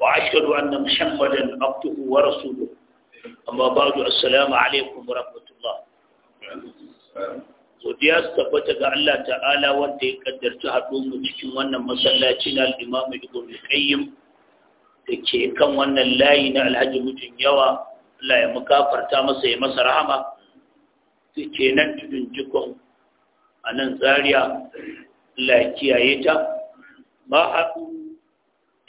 وأشهد أن محمدا عبده ورسوله أما بعد السلام عليكم ورحمة الله godiya su tabbata ga Allah ta'ala wanda ya kaddarta haɗo mu cikin wannan masallaci na al'imamu ibn qayyim da ke kan wannan layi na alhaji mutum yawa Allah ya mukafarta masa ya masa rahama da ke nan tudun jikon a nan tsariya Allah ya kiyaye ta ba haɗu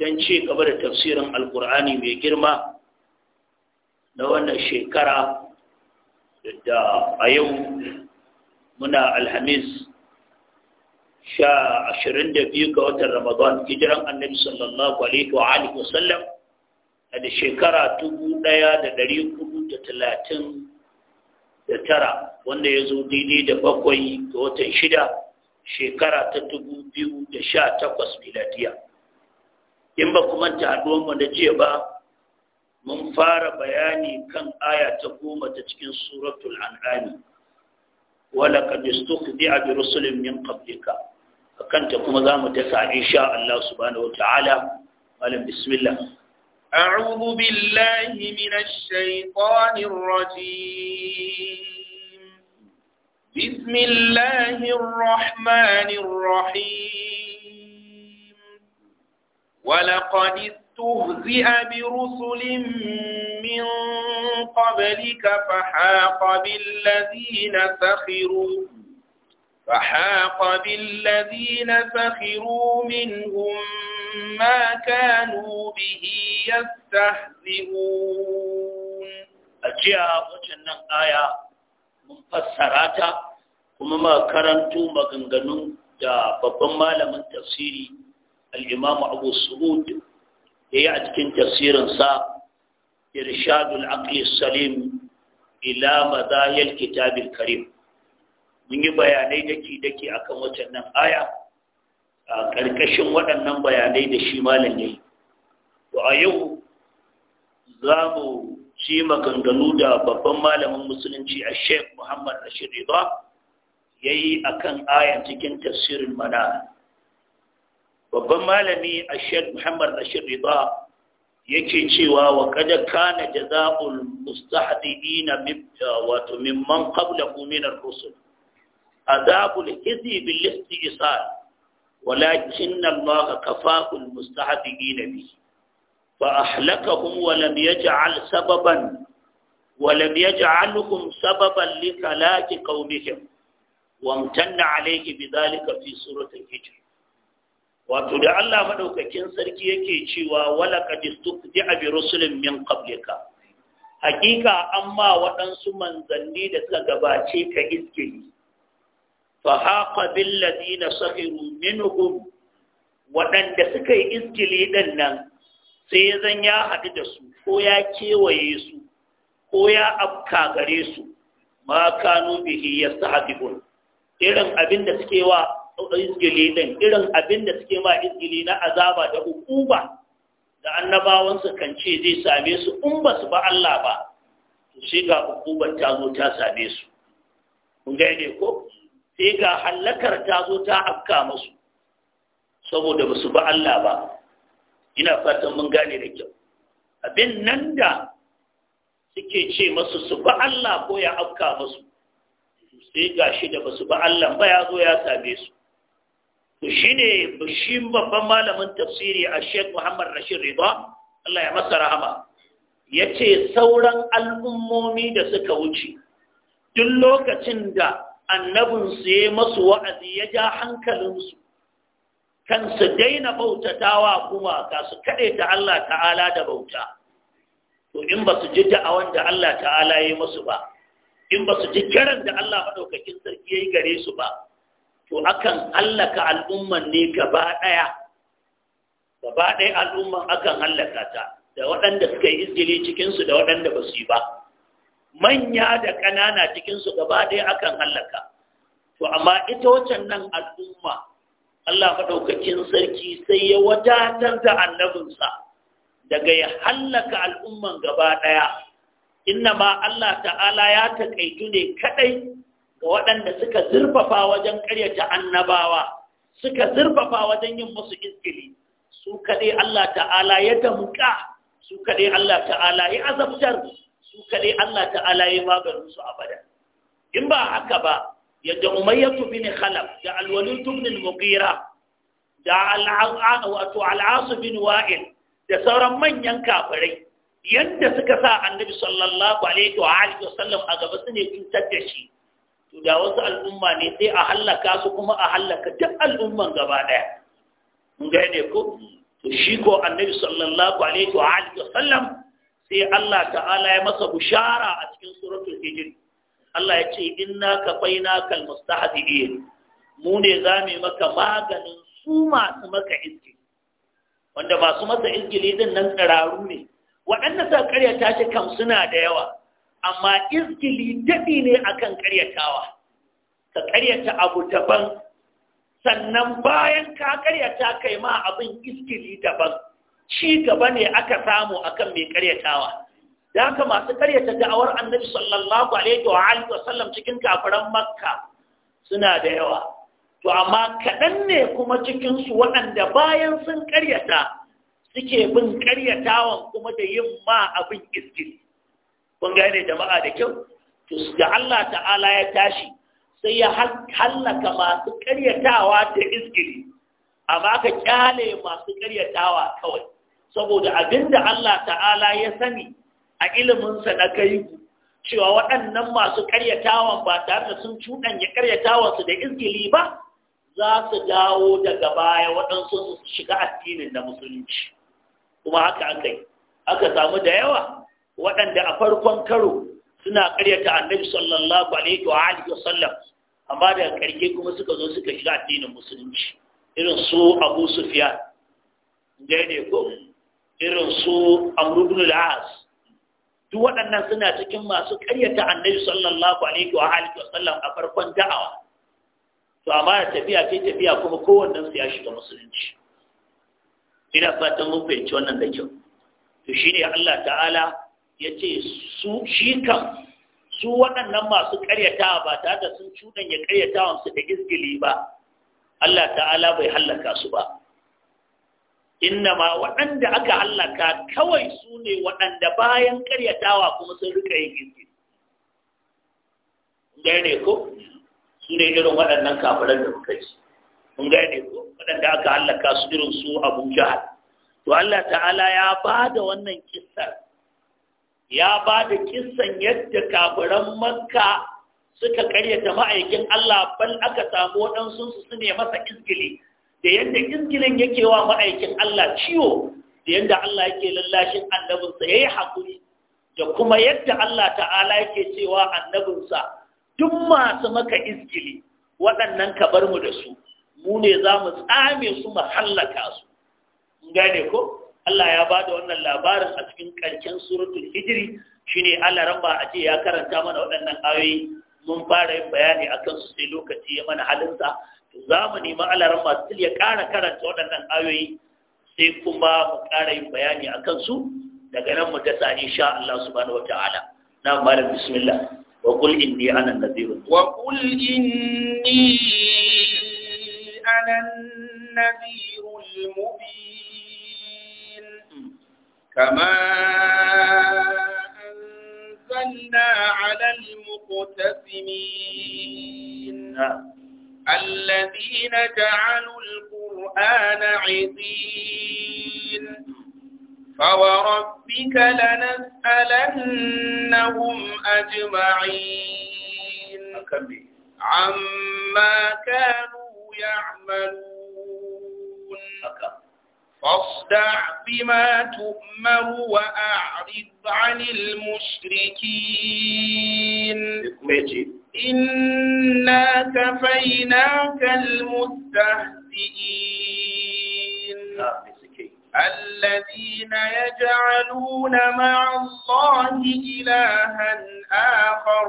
don ci gaba da tafsirin alkur'ani mai girma na wannan shekara da a yau muna alhamis sha ashirin da biyu ga watan ramadan hijiran annabi sallallahu alaihi wa alihi sallam a da shekara dubu ɗaya da ɗari hudu da talatin da tara wanda ya zo daidai da bakwai ga watan shida shekara ta dubu biyu da sha takwas miladiyya in ba kuma mu da ce ba mun fara bayani kan aya ta goma ta cikin suratul an'ami wala ka istukhdi'a bi rusulin min qablika akan ta kuma zamu dasa insha Allah subhanahu wataala malam bismillah أعوذ بالله من الشيطان الرجيم بسم الله الرحمن الرحيم ولقد استهزئ برسل من قبلك فحاق بالذين سخروا فحاق بالذين سخروا منهم ما كانوا به يستهزئون أجيا آه، وجنة آية مفسراتا وما ma karanto دا da babban malamin al-imam abu su'ud yayi a cikin tafsirin sa irshadul aqli salim ila madayil kitabil karim mun yi bayanai daki daki akan watannan aya a ƙarƙashin waɗannan bayanai da shi malam Ba a yau za mu ci maganganu da babban malamin musulunci a sheikh muhammad rashid riba ya yi akan aya cikin tasirin mana babban malami ashir muhammad Rashid rida yake cewa wa kada kana jaza'ul mustahdidina wato mimman qablakum min ar-rusul adabul hizi bil istisal walakin Allah ولكن الله كفاه المستحقين به wa lam يجعل sababan ولم يجعلهم سببا لهلاك قومهم وامتن عليه بذلك في سورة الهجر wato da Allah madaukakin sarki yake cewa wala qad bi abi rusulin min qablika hakika amma waɗansu manzanni da suka gabace ka iske ni fa haqa bil ladina sahiru minhum waɗanda suka yi iskili ɗin nan sai zan ya haɗu da su ko ya kewaye su ko ya afka gare su ma kanu bihi yastahibun irin abin da suke wa izgili din irin abin da suke ma izgili na azaba da hukuma da annabawansu kan ce zai same su in ba su ba Allah ba sai ga hukumar ta zo ta same su kun ne ko sai ga halakar ta zo ta afka musu saboda ba su ba Allah ba ina fatan mun gane da kyau abin nan da suke ce masu su ba Allah ko ya afka musu sai ga shi da ba su ba Allah ba ya zo ya same su shi ne shi babban malamin tafsiri a sheik muhammad rashid riba allah ya masa rahama ya ce sauran al'ummomi da suka wuce duk lokacin da annabinsu ya masu wa'azi ya ja hankalinsu kan su daina bautatawa kuma ka su kaɗe ta Allah ta'ala da bauta to in ba su ji da'awan da Allah ta'ala ya masu ba in ba su ji kiran da Allah maɗaukakin sarki ya yi gare su ba to akan hallaka al'umman ne gaba ɗaya gaba ɗaya al'umman akan hallaka ta da waɗanda suka yi izgili cikinsu da waɗanda ba su yi ba manya da ƙanana cikinsu gaba ɗaya akan hallaka to amma ita wacan nan al'umma Allah maɗaukakin sarki sai ya wadatar da annabinsa daga ya hallaka al'umman gaba ɗaya inna ma Allah ta'ala ya taƙaitu ne kaɗai ga waɗanda suka zurfafa wajen ƙaryata annabawa suka zurfafa wajen yin musu iskili su kaɗai Allah ta'ala ya damƙa su kaɗai Allah ta'ala ya azabtar su kaɗai Allah ta'ala ya maganin su abada in ba haka ba yadda umayyatu bin khalaf da alwalid ibn al da al'a'a wato al'asu bin wa'il da sauran manyan kafirai yadda suka sa annabi sallallahu alaihi wa alihi wasallam a gaba su ne cutar da shi to da wasu al'umma ne sai a hallaka su kuma a hallaka duk al'umman gaba ɗaya mun gane ko shi ko annabi sallallahu alaihi wa alihi wa sallam sai Allah ta'ala ya masa bushara a cikin suratul hijr Allah ya ce inna kafaina kal mustahzi'in mu ne zamu maka maganin su masu maka izgi wanda masu masa izgili din nan tsararu ne waɗanda sa karya tashi kam suna da yawa amma izgili daɗi ne akan ƙaryatawa ka ƙaryata abu daban sannan bayan ka ƙaryata kai ma abin izgili daban ci gaba ne aka samu akan mai ƙaryatawa da haka masu ƙaryata da'awar annabi sallallahu alaihi wa alihi wasallam cikin kafiran makka suna da yawa to amma kaɗan ne kuma cikinsu waɗanda bayan sun ƙaryata suke bin ƙaryatawan kuma da yin ma abin izgili kun gane jama'a da kyau to da Allah ta'ala ya tashi sai ya hallaka masu karyatawa da iskiri. amma ka kyale masu karyatawa kawai saboda abinda Allah ta'ala ya sani a iliminsa na kai cewa waɗannan masu karyatawan ba tare da sun cuɗanya karyatawansu da iskiri ba za su dawo daga baya waɗansu su shiga addinin na musulunci kuma haka aka aka samu da yawa waɗanda a farkon karo suna karyata annabi sallallahu alaihi wa alihi sallam amma daga karke kuma suka zo suka shiga addinin musulunci irin su abu sufyan ne ko irin su amru bin al-as duk waɗannan suna cikin masu karyata annabi sallallahu alaihi wa alihi sallam a farkon da'awa to amma da tafiya ce tafiya kuma kowannen su ya shiga musulunci ina fatan mun fahimci wannan da kyau to shine Allah ta'ala ya ce su shi kan su waɗannan masu ƙaryatawa ba ta da sun cuɗan ya ƙaryatawa su da izgili ba Allah ta'ala bai hallaka su ba inna ma waɗanda aka hallaka kawai su ne waɗanda bayan ƙaryatawa kuma sun rika yin izgili ne ko su ne irin waɗannan kafiran da muka ci mun gane ko waɗanda aka hallaka su irin su abu jahal to Allah ta'ala ya ba da wannan kissar ya ba da kisan yadda kaburan makka suka karyata ma'aikin Allah bal aka samu waɗansu su ne masa iskili da yadda iskilin yake wa ma'aikin Allah ciwo da yadda Allah yake lallashin annabinsa ya yi haƙuri da kuma yadda Allah ta'ala yake cewa annabinsa duk masu maka iskili waɗannan ka bar mu da su mu ne za mu tsame su mu hallaka su gane ko Allah ya ba da wannan labarin a cikin ƙarshen suratul hijiri shine Allah ramba a ce ya karanta mana waɗannan ayoyi mun fara yin bayani a kansu sai lokaci ya mana halinsa za mu nemi Allah ramba ya ƙara karanta waɗannan ayoyi sai kuma mu ƙara yin bayani a kansu. daga nan mu dasa insha Allah subhanahu wataala na malam bismillah wa qul inni ana nadhirun wa qul inni ana nadhirul mubin كما أنزلنا على المقتسمين الذين جعلوا القرآن عظيم فوربك لنسألنهم أجمعين عما كانوا يعملون فاصدع بما تؤمر وأعرض عن المشركين إنا كفيناك المستهزئين آه، الذين يجعلون مع الله إلها آخر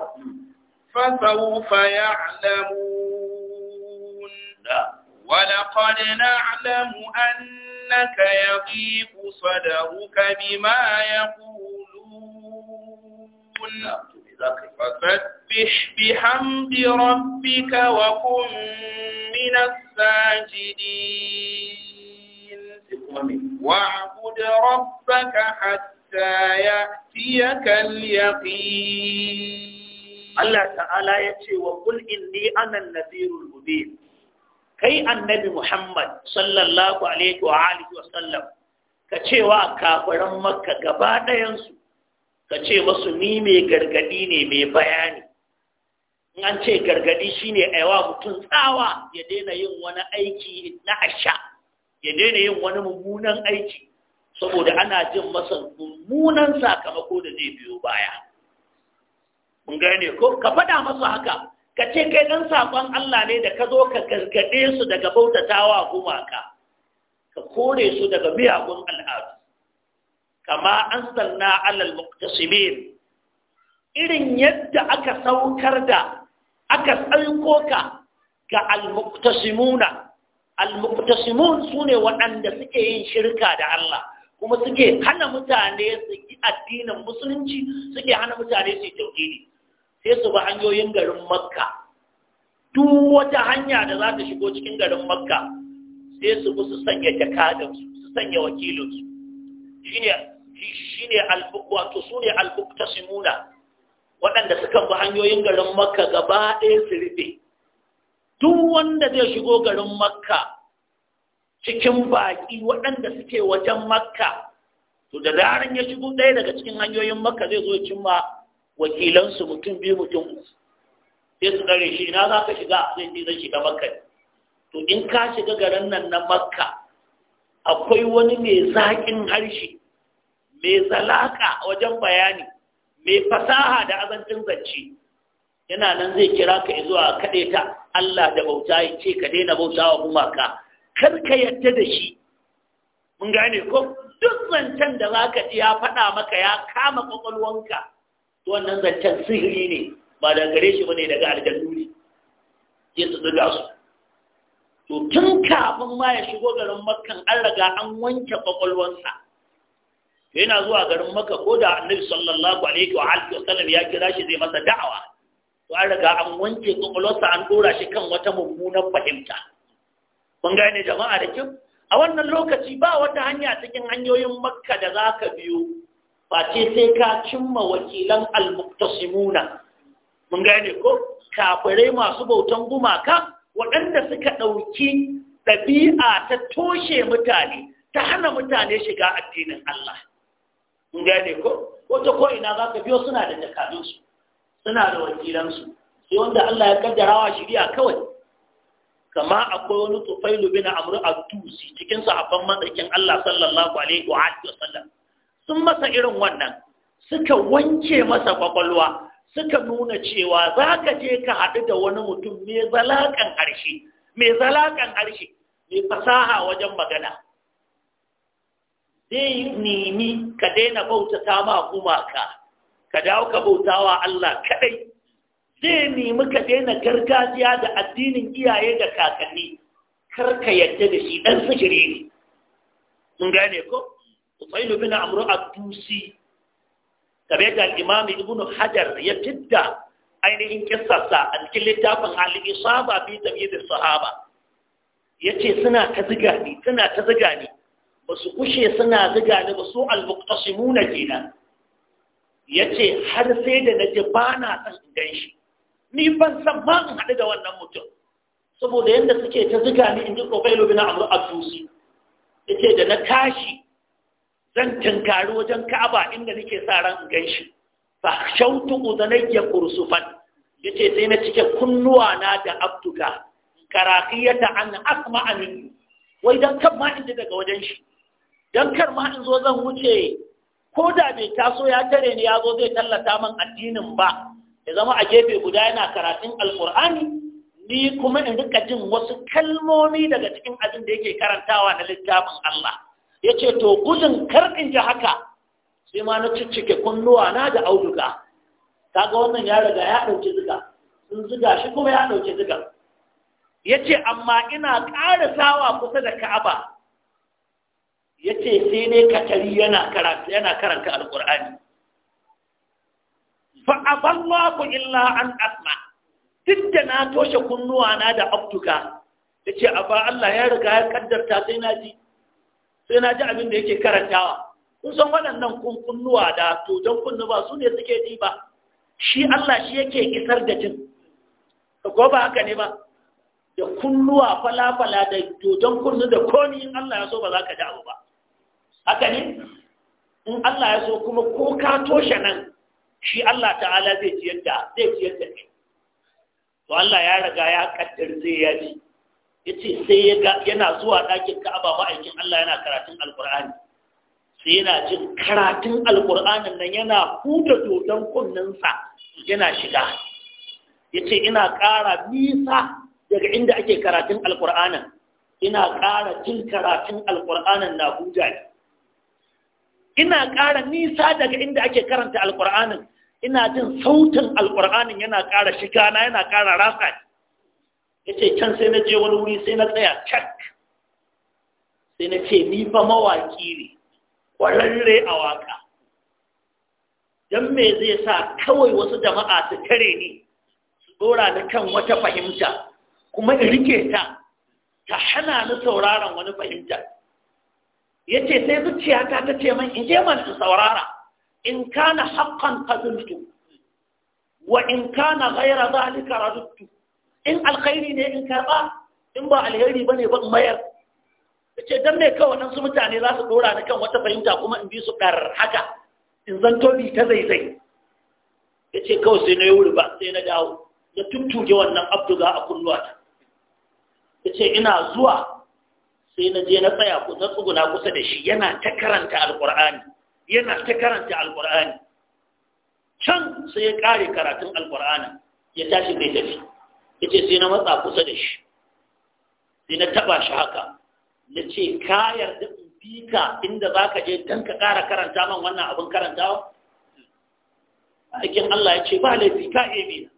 فسوف يعلمون نعم. ولقد نعلم أن إنك يضيق صدرك بما يقولون فسبح بحمد ربك وكن من الساجدين واعبد ربك حتى يأتيك اليقين الله تعالى يأتي وقل إني أنا النذير المبين kai annabi Muhammad sallallahu alaihi wa alihi wa sallam ka cewa kafiran makka gaba ɗayansu ka ce masu ni mai gargadi ne mai bayani in an ce gargadi shine aiwa mutum tsawa ya daina yin wani aiki na asha ya daina yin wani mummunan aiki saboda ana jin masa mummunan sakamako da zai biyo baya mun gane ko ka faɗa masa haka ka ce kai ɗan saƙon Allah ne da ka zo ka gargaɗe su daga bautatawa gumaka ka kore su daga miyagun al'adu kama an sanna alal muqtasimin irin yadda aka saukar da aka tsaiko ka ga al-muqtasimuna al-muqtasimun sune waɗanda suke yin shirka da Allah kuma suke hana mutane su yi addinin musulunci suke hana mutane su yi tauhidi sai su ba hanyoyin garin makka duk wata hanya da za ta shigo cikin garin makka sai su bi su sanya jakadansu su sanya wakilinsu shi ne wato su ne almuktasimuna waɗanda suka bi hanyoyin garin makka gaba ɗaya su rufe duk wanda zai shigo garin makka cikin baƙi waɗanda suke wajen makka to da zaran ya shigo ɗaya daga cikin hanyoyin makka zai zo cimma wakilansu mutum biyu mutum uku sai su tsare shi ina za ka shiga zai ce zai shiga makka to in ka shiga garin nan na makka akwai wani mai zaƙin harshe mai zalaka wajen bayani mai fasaha da azancin zance yana nan zai kira ka zuwa kaɗe ta Allah da bauta ya ce ka daina bauta wa gumaka kar ka yadda da shi mun gane ko duk zancen da za ka ji ya faɗa maka ya kama ƙwaƙwalwanka wannan zancen sihiri ne ba da gare shi bane daga aljannu ne ya su zuga su to tun kafin ma ya shigo garin makkan an riga an wanke kwakwalwansa yana zuwa garin makka ko da annabi sallallahu alaihi wa alihi wasallam ya kira shi zai masa da'awa to an riga an wanke kwakwalwarsa an dora shi kan wata mummunan fahimta mun gane jama'a da kin a wannan lokaci ba wata hanya cikin hanyoyin makka da za ka biyo face sai ka cimma wakilan al-muqtasimuna mun gane ko kafirai masu bautan gumaka waɗanda suka ɗauki ɗabi'a ta toshe mutane ta hana mutane shiga addinin Allah mun gane ko wata ko ina za ka biyo suna da jakadunsu suna da wakilansu sai wanda Allah ya kaddarawa shari'a kawai kama akwai wani tufailu bin amru abdusi cikin sahabban madakin Allah sallallahu alaihi wa sallam sun masa irin wannan suka wanke masa kwakwalwa suka nuna cewa za ka je ka haɗu da wani mutum mai zalaƙan harshe mai zalaƙan harshe mai fasaha wajen magana zai nemi ka daina bautata ma gumaka ka dawo ka bauta wa Allah kaɗai zai nemi ka daina gargajiya da addinin iyaye da kakanni kar ka yadda da shi ɗan sihiri ne mun gane ko Usailu bin Amru ad-Dusi kamar yadda Imam Ibn Hajar ya fidda ainihin kissarsa a cikin littafin Al-Isaba fi Tamyiz sahaba yace suna ta ziga ni suna ta ziga ni ba su kushe suna ziga ni ba su al-muqtasimuna kenan yace har sai da naji ba na san gan shi ni ban san ba haɗu da wannan mutum saboda yadda suke ta ziga ni in ji Qubailu bin Amr ad yace da na tashi zan tunkari wajen ka'aba inda nake sa ran in gan shi fa shautu udanayya kursufan yace sai na cike kunnuwa na da abduka karakiyata an asma amin wai dan kan ma in daga wajen shi dan kar ma in zo zan wuce ko da bai taso ya tare ni ya zo zai tallata min addinin ba ya zama a gefe guda yana karatun alkur'ani ni kuma in rika jin wasu kalmomi daga cikin abin da yake karantawa na littafin Allah ya ce to gudun karɗin ji haka sai ma na ciccike kunnuwa na da auduga kaga wannan ya riga ya ɗauki ziga sun ziga shi kuma ya ɗauki ziga ya ce amma ina ƙara sawa kusa da ka'aba ya ce sai ne katari yana karanta alƙur'ani fa'aban ku illa an asma duk da na toshe kunnuwa na da auduga. ya ce a ba Allah ya riga ya kaddarta sai na ji sai na ji abin da yake karantawa kun san waɗannan kunkunnuwa da tojan kunnu ba su ne suke ji ba shi Allah shi yake isar da jin ko ba haka ne ba da kunnuwa falafala da tojan kunnu da koni in Allah ya so ba za ka ji abu ba haka ne in Allah ya so kuma ko ka toshe nan shi Allah ta'ala zai ciyar da zai ciyar da kai to Allah ya riga ya kaddar zai yaji yace sai ya ga yana zuwa ɗakin Ka'aba ma'aikin Allah yana karatun Alƙur'ani sai yana jin karatun Alƙur'anin nan yana huda dodon kunnensa yana shiga yace ina ƙara nisa daga inda ake karatun Alƙur'anin ina ƙara jin karatun Alƙur'anin na huda ina ƙara nisa daga inda ake karanta Alƙur'anin ina jin sautin Alƙur'anin yana ƙara shiga na yana ƙara ratsa Yace ce can sai na je wani wuri sai na tsaya cak sai na ce ni fa mawaƙi ne ƙwararre a waka don me zai sa kawai wasu jama'a su kare ni su dora da kan wata fahimta kuma in rike ta ta hana ni sauraron wani fahimta ya sai zuciya ta ta ce man in je man su saurara in kana haƙƙan kazuntu wa in kana gaira zalika raduttu in alkhairi ne in karɓa in ba alheri ba ne ban mayar ta ce don mai kawai su mutane za su ɗora ni kan wata fahimta kuma in bi su ɗar haka in zan tobi ta zaizai ya ce kawai sai na yi wuri ba sai na dawo ya tuntuge wannan abduga a kunnuwa ta ya ce ina zuwa sai na je na tsaya na tsuguna kusa da shi yana ta karanta alƙur'ani yana ta karanta alƙur'ani can sai ya kare karatun alƙur'ani ya tashi zai tafi ce sai na matsa kusa da shi sai na taba shi haka na ce ka yarda in fika inda za ka je don ka ƙara karanta man wannan abin karanta. A aikin Allah ya ce ba laifi ka iya na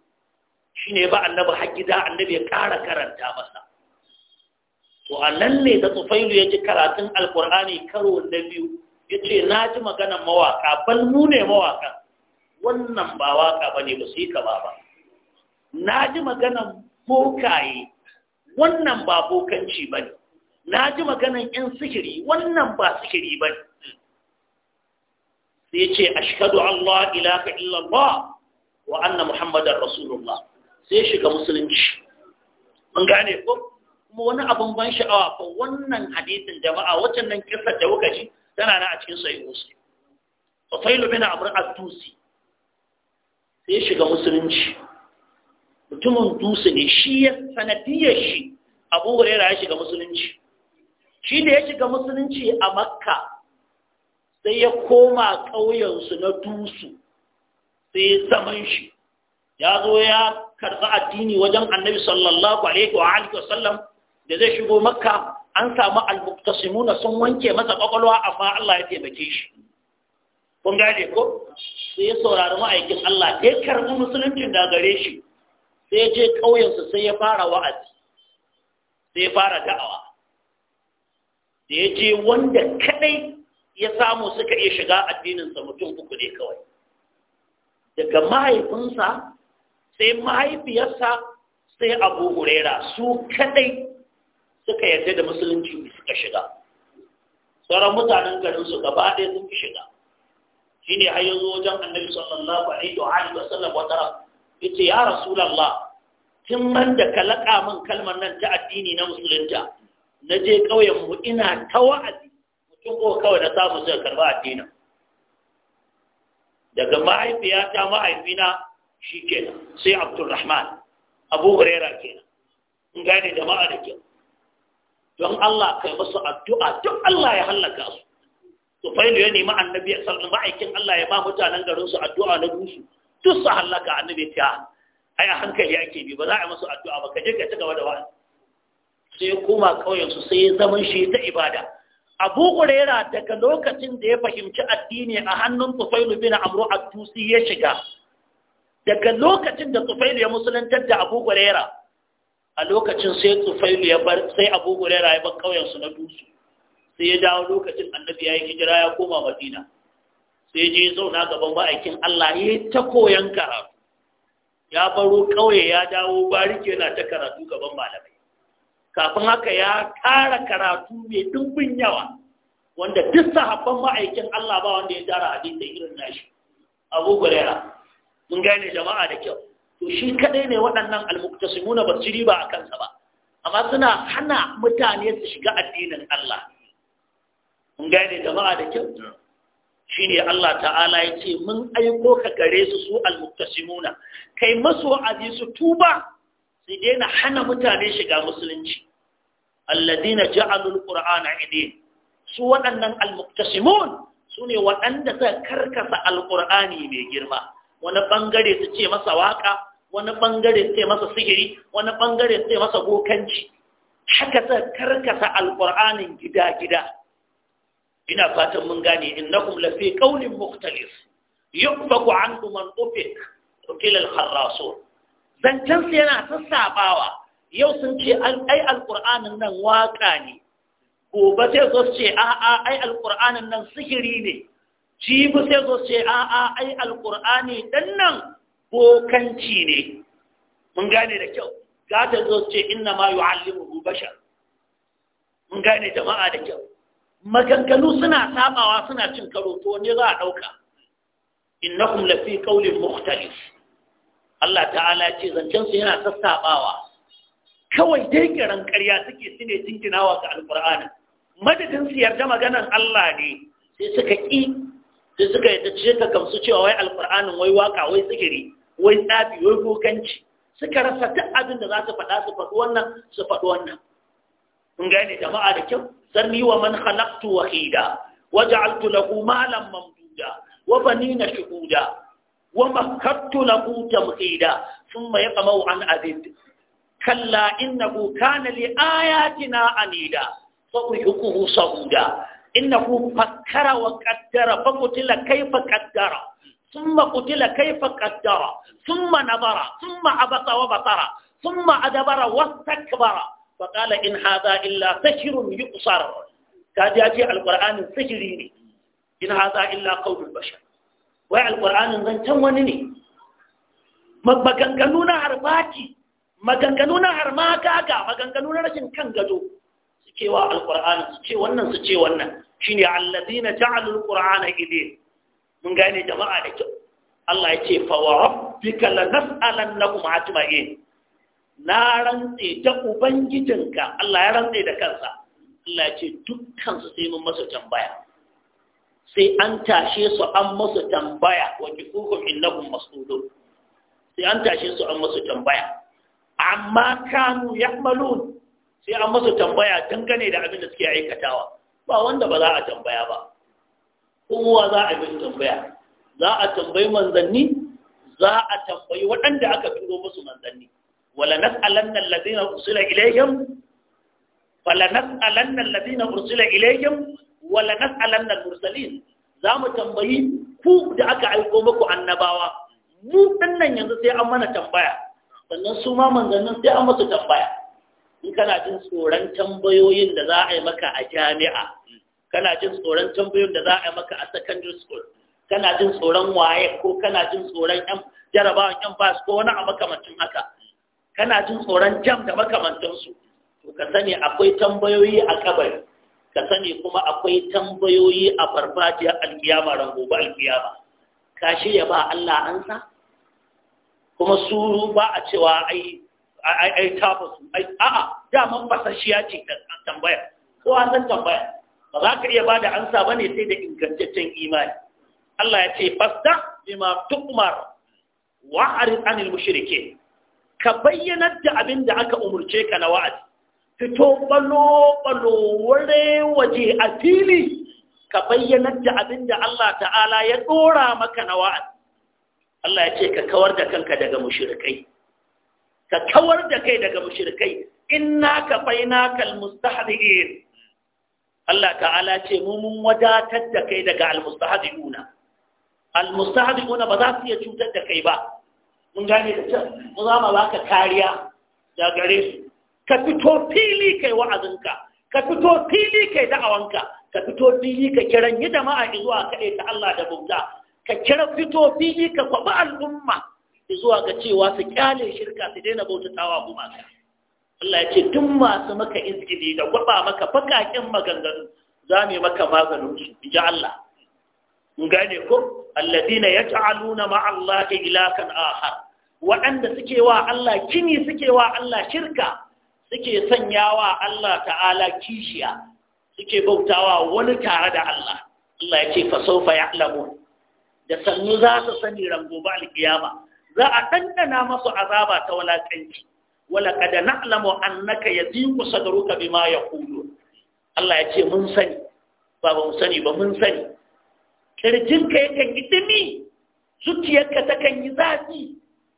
shi ne ba annabi haƙi da annabi ya ƙara karanta masa to a nan ne da tsufailu ya ji karatun alkur'ani karo na biyu ya ce na ji maganan mawaƙa bal mu ne mawaƙa wannan ba waka ba ne ba su yi ba ba na ji maganan bokaye wannan ba bokanci ba ne na ji maganan 'yan sihiri wannan ba sihiri ba ne sai ce ashkadu Allah ilaka illallah wa anna muhammadar rasulullah sai shiga musulunci mun gane ko kuma wani abin ban sha'awa ko wannan hadisin jama'a waccan nan kisa da wuka ji tana na a cikin sahih musu fa failu bin amr al tusi sai shiga musulunci mutumin dusu ne shi ya sanadiyar shi abu huraira ya shiga musulunci shi da ya shiga musulunci a makka sai ya koma ƙauyensu na dusu sai ya zaman shi ya zo ya karɓi addini wajen annabi sallallahu alaihi wa alihi wasallam da zai shigo makka an samu almuktasimuna sun wanke masa ƙwaƙwalwa, amma Allah ya taimake shi kun gane ko sai ya saurari ma'aikin Allah ya karɓi Musulunci da gare shi sai ya je ƙauyensu sai ya fara wa'azi sai ya fara da'awa da ya je wanda kadai ya samu suka iya shiga addininsa mutum uku ne kawai daga mahaifinsa sai mahaifiyarsa sai abu hurera su kadai suka yarda da musulunci suka shiga sauran mutanen garinsu gaba ɗaya sun fi shiga shine har yanzu wajen annabi sallallahu alaihi wa sallam wasallam wata yace ya rasulullah tun man da ka laƙa min kalmar nan ta addini na musulunta na je ƙauyen mu ina ta wa'azi mutum ko kawai na samu suka karɓa addinin daga mahaifiyata mahaifina shi kenan sai abdulrahman abu huraira kenan in gane jama'a da kyau don Allah kai masu addu'a duk Allah ya hallaka su to failu ya nemi annabi ya sallu ma'aikin Allah ya ba mutanen garin su addu'a na dusu duk su hallaka annabi ta ai a hankali ake bi ba za a masu addu'a ba kaje ka cigaba gaba da wa'azi sai ya koma ƙauyensu sai ya zaman shi ta ibada abu ƙurera daga lokacin da ya fahimci addini a hannun tufail bin amru abdusi ya shiga daga lokacin da tufail ya musulantar da abu ƙurera a lokacin sai tufail ya bar sai abu ya bar ƙauyensu na dusu sai ya dawo lokacin annabi ya yi hijira ya koma madina sai je zauna gaban ma'aikin allah ya ta koyan karatu ya baro kauye ya dawo ke na ta karatu gaban malamai kafin haka ya kara karatu mai ɗumbin yawa wanda duk sahabban ma'aikin Allah ba wanda ya tara hadisi irin nashi Abu Hurairah mun gane jama'a da kyau to shi kadai ne waɗannan almuktasimuna ba su riba a kansa ba amma suna hana mutane su shiga addinin Allah mun gane jama'a da kyau shine Allah ta'ala ya ce mun aiko ka gare su su al-muqtasimuna kai masu wa'azi su tuba su daina hana mutane shiga musulunci alladina ja'alul qur'ana idi su waɗannan al su sune waɗanda suka karkasa al-qur'ani mai girma wani bangare su ce masa waka wani bangare su ce masa sihiri wani bangare su ce masa bokanci haka suka karkasa al-qur'anin gida-gida ina fatan mun gane innakum la fi qawlin mukhtalif yubaku anhu man ufik ukila al-kharasun zancan su yana sassabawa yau sun ce ai alqur'anin nan waka ne gobe sai zo ce a a ai alqur'anin nan sihiri ne jibi sai zo ce a a ai alqur'ani dan nan bokanci ne mun gane da kyau gata zo ce inna ma yu'allimuhu bashar mun gane jama'a da kyau maganganu suna sabawa suna cin karo to ne za a dauka innakum fi qawlin mukhtalif Allah ta'ala ce zancen su yana sassabawa kawai dai kiran ƙarya suke sune jinginawa ga alqur'ani madadin su yarda maganar Allah ne sai suka ki sai suka yarda ce ka kamsu cewa wai alqur'anin wai waka wai tsikiri, wai tsafi wai kokanci suka rasa duk abin da za su faɗa su faɗi wannan su faɗi wannan kun gane jama'a da kyau sanni wa man khalaqtu wahida waja'altu lahu malan mamduda wa banina shuhuda wa makkattu lahu tamhida thumma yaqma'u an azid kalla innahu kana li ayatina anida fa uhikuhu sabuda innahu fakkara wa qaddara fa qutila kayfa qaddara ثم قتل كيف قدر ثم نظر ثم عبس وبصر ثم أدبر واستكبر fa qala in hadha illa sahirun yuqsar kaji ya ce alqur'anin sihiri ne in hadha illa qawlul bashar wai alqur'anin zancen wani ne maganganu na harbaki maganganu na harma kaga maganganu na kan gado su cewa alqur'anin su ce wannan su ce wannan shine alladina ja'alul qur'ana idin mun gane jama'a da kyau Allah ya ce fa wa rabbika na rantse ta ubangijinka Allah ya rantse da kansa Allah ce dukkan su sai mun masa tambaya sai an tashe su an masa tambaya wa kifukum innahum mas'ulun sai an tashe su an masa tambaya amma kanu ya'malun sai an masa tambaya dangane da abin da suke aikatawa ba wanda ba za a tambaya ba kuma za a yi tambaya za a tambayi manzanni za a tambayi waɗanda aka turo musu manzanni wala nas'alanna alladhina ursila ilayhim wala nas'alanna alladhina ursila ilayhim wala nas'alanna al-mursalin za mu tambayi ku da aka aiko muku annabawa mu dannan yanzu sai an mana tambaya sannan su ma manzannin sai an masa tambaya in kana jin tsoron tambayoyin da za a yi maka a jami'a kana jin tsoron tambayoyin da za a yi maka a secondary school kana jin tsoron waye ko kana jin tsoron yan jarabawan yan bas ko wani a makamancin haka kana jin tsoron jam da makamantansu to ka sani akwai tambayoyi a kabari ka sani kuma akwai tambayoyi a farfajiyar alkiyama ran gobe alkiyama ka shirya ba Allah ansa kuma su ba a cewa ai ai ai tafa su ai a'a shi ya ce tambaya an san tambaya ba za ka iya ba da ansa ba ne sai da ingantaccen imani Allah ya ce fasta bima tukmar wa'arid anil mushrike ka bayyanar da abin da aka umurce ka na wa'azi fito balo-balo ware waje a fili ka bayyanar da abin da Allah ta'ala ya ɗora maka na wa'azi Allah ya ce ka kawar da kanka daga mushrikai ka kawar da kai daga mushrikai inna ka baina kal mustahdiin Allah ta'ala ce mu mun wadatar da kai daga al mustahdiuna al mustahdiuna ba za su iya cutar da kai ba mun gane da can za mu baka kariya da gare su ka fito fili kai wa'azinka ka fito fili kai da'awanka ka fito fili ka kiran yi jama'a zuwa kaɗai ta Allah da bauta ka kira fito fili ka kwaɓi al'umma zuwa ga cewa su kyale shirka su daina bautatawa gumaka Allah ya ce duk masu maka izgili da gwaba maka bakaƙen maganganu za mu maka maganin su in ji Allah gane ko alladina yaj'aluna ma'a allahi ilakan ahar waɗanda suke wa Allah kini suke wa Allah shirka suke sanyawa Allah ta'ala kishiya suke bautawa wani tare da Allah Allah ya ce fa sawfa ya'lamun da sannu za su sani rangoba ba alkiyama za a dandana masu azaba ta walakanci wala kad na'lamu annaka yadiqu sadruka bima yaqulun Allah ya ce mun sani ba ba mun sani ba mun sani ƙirjinka yakan yi ɗumi? zuciyarka takan yi zafi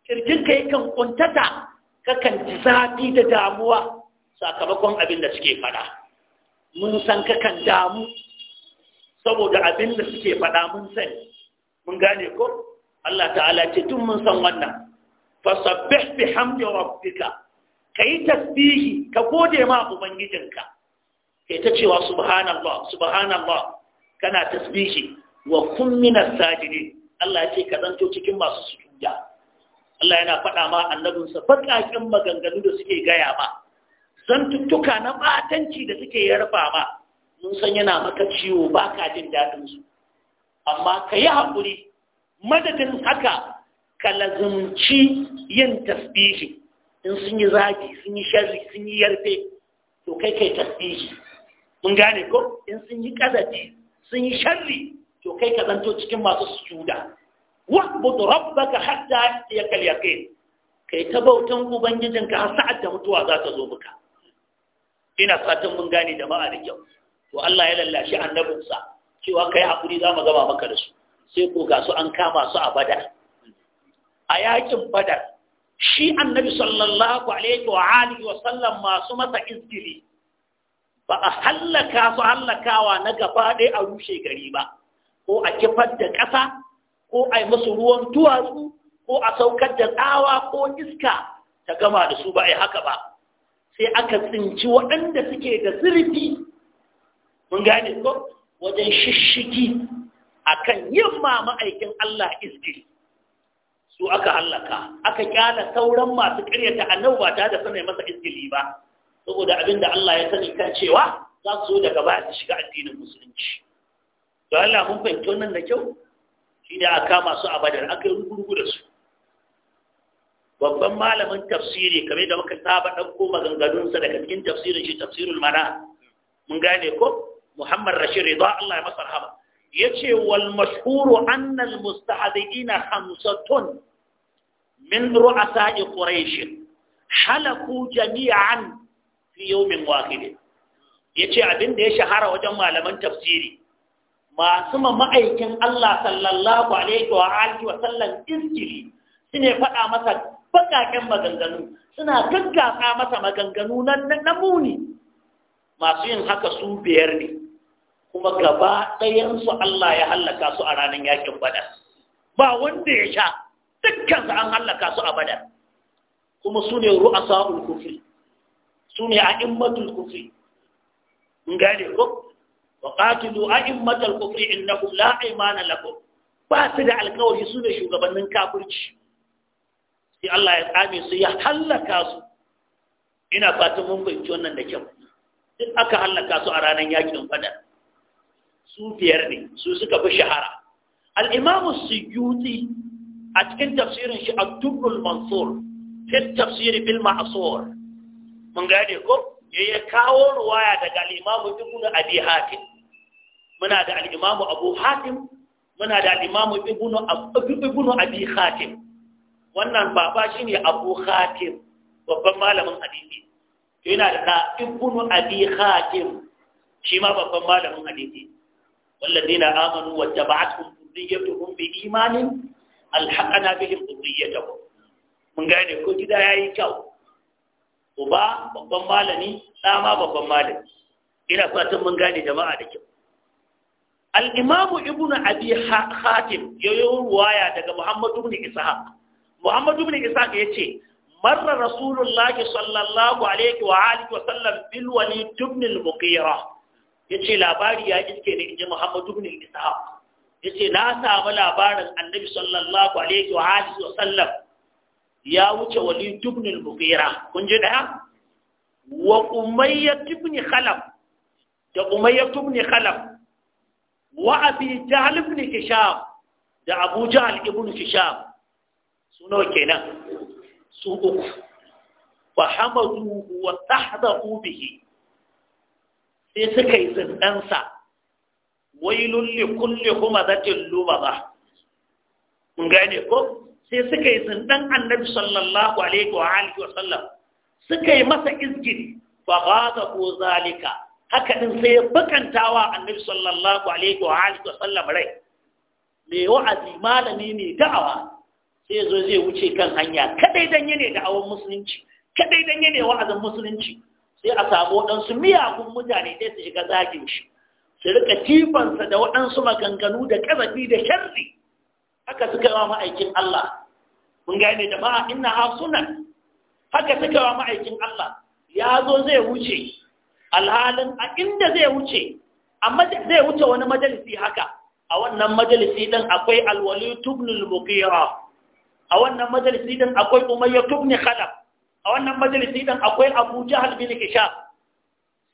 ƙirjinka yakan ƙuntata kakan ji zafi da damuwa sakamakon abin da suke faɗa mun san kakan damu saboda abin da suke faɗa mun sani mun gane ko Allah ta'ala ce tun mun san wannan bi hamdi rabbika kai tasbihi ka gode ma ubangijinka kai ta cewa subhanallah subhanallah kana tasbihi wa kun mina sajidin Allah ya ce ka zanto cikin masu sujuda Allah yana faɗa ma annabinsa baƙaƙen maganganu da suke gaya ma zantuttuka na batanci da suke yarfa ma mun san yana maka ciwo ba ka jin su. amma ka yi haƙuri madadin haka ka lazumci yin tasbihi in sun yi zagi sun yi sharri sun yi yarfe to kai kai tasbihi mun gane ko in sun yi ƙazafi sun yi sharri to kai ka zanto cikin masu sujuda wa'bud rabbaka hatta yakal yaqin kai ta bautan ka har sa'ad da mutuwa za ta zo maka ina fatan mun gane jama'a da kyau to Allah ya lallashi annabinsa cewa kai hakuri za mu gama maka da su sai ko ga su an kama su a badar a yakin badar shi annabi sallallahu alaihi wa alihi wa sallam masu mata izgili ba a hallaka su hallakawa na gaba ɗaya a rushe gari ba ko a kifar da ƙasa ko a yi musu ruwan tuwatsu, ko a saukar da tsawa ko iska ta gama da su ba a yi haka ba sai aka tsinci waɗanda suke da zurfi mun gane ko wajen shishigi kan yin ma ma'aikin Allah iskiri su aka hallaka aka kyala sauran masu karyata annabi ba ta da sanai masa iskili ba saboda abin da Allah ya sani kan cewa za su zo daga ba su shiga addinin musulunci da Allah mun fahimci wannan da kyau shi ne a kama su a badar aka yi rugurugu da su babban malamin tafsiri kame da muka saba ɗauko maganganunsa daga cikin tafsirin shi tafsirin mana mun gane ko muhammad rashid rida Allah ya masa rahama yace wal mashhuru anna al mustahadina khamsatun min ru'asa'i quraish halaku jami'an fi yawmin wahid yace abin da ya shahara wajen malaman tafsiri masu ma ma'aikin Allah sallallahu alaihi wa alihi wa sallam iskili sune faɗa masa bakaken maganganu suna gaggasa masa maganganu na na muni masu yin haka su biyar ne kuma gaba ɗayan Allah ya halaka su a ranar yakin Badar ba wanda ya sha dukkan su an hallaka su a Badar kuma su ne ru'asa ul kufri su ne a'immatul kufri in gane ko wa qatilu a'immatal kufri innahum la imana lakum ba su da alkawari su ne shugabannin kafirci sai Allah ya tsame su ya hallaka su ina fatan mun fahimci wannan da kyau duk aka hallaka su a ranar yakin fada su biyar ne su suka fi shahara al-imamu suyuti a cikin tafsirin shi abdul mansur fi tafsiri bil ma'sur mun gane ko ya kawo ruwaya daga al'imamu ibn abi hatim muna da al'imamu abu hatim muna da al'imamu ibn abi hatim wannan baba shi ne abu hatim babban malamin hadisi to yana da ɗa ibn abi hatim shi ma babban malamin hadisi والذين آمنوا واتبعتهم ذريتهم بإيمان ألحقنا بهم ذريتهم mun gane ko gida ya yi kyau uba babban malami ɗa ma babban malami ina fatan mun gane jama'a da kyau al-imamu ibnu abi hatim yayo ruwaya daga muhammad ibn ishaq muhammad ibn ishaq yace marra rasulullahi sallallahu alaihi wa alihi wa sallam bil walid ibn al-mughira yace labari ya iske ne inji muhammad ibn ishaq yace na samu labarin annabi sallallahu alaihi wa alihi wa sallam ya wuce wali ibn al kun ji daya wa umayya tubni khalaf da umayya tubni khalaf wa abi jahl ibn kishab da abu jahl ibn kishab su nawa kenan su uku wa hamadu wa tahdahu bihi sai suka yi zindansa wailun li kulli humazatin lubaba mun gane ko sai suka yi zindan annabi sallallahu alaihi wa alihi wa sallam suka yi masa izgiri fa gaza ko zalika haka din sai ya wa annabi sallallahu alaihi wa alihi wa sallam rai me wa'azi malami ne da'awa sai zo zai wuce kan hanya kadai dan da da'awan musulunci kadai dan yana wa'azin musulunci sai a samu waɗansu miyagun mutane sai su shiga zagin shi su rika tifansa da waɗansu maganganu da ƙazafi da sharri haka suka wa ma'aikin Allah mun gane jama'a inna ha haka suka wa ma'aikin Allah ya zo zai wuce alhalin a inda zai wuce amma zai wuce wani majalisi haka a wannan majalisi din akwai alwali tubnul muqira a wannan majalisi din akwai umayya tubni khalaf a wannan majalisi din akwai abu jahal bin kishaf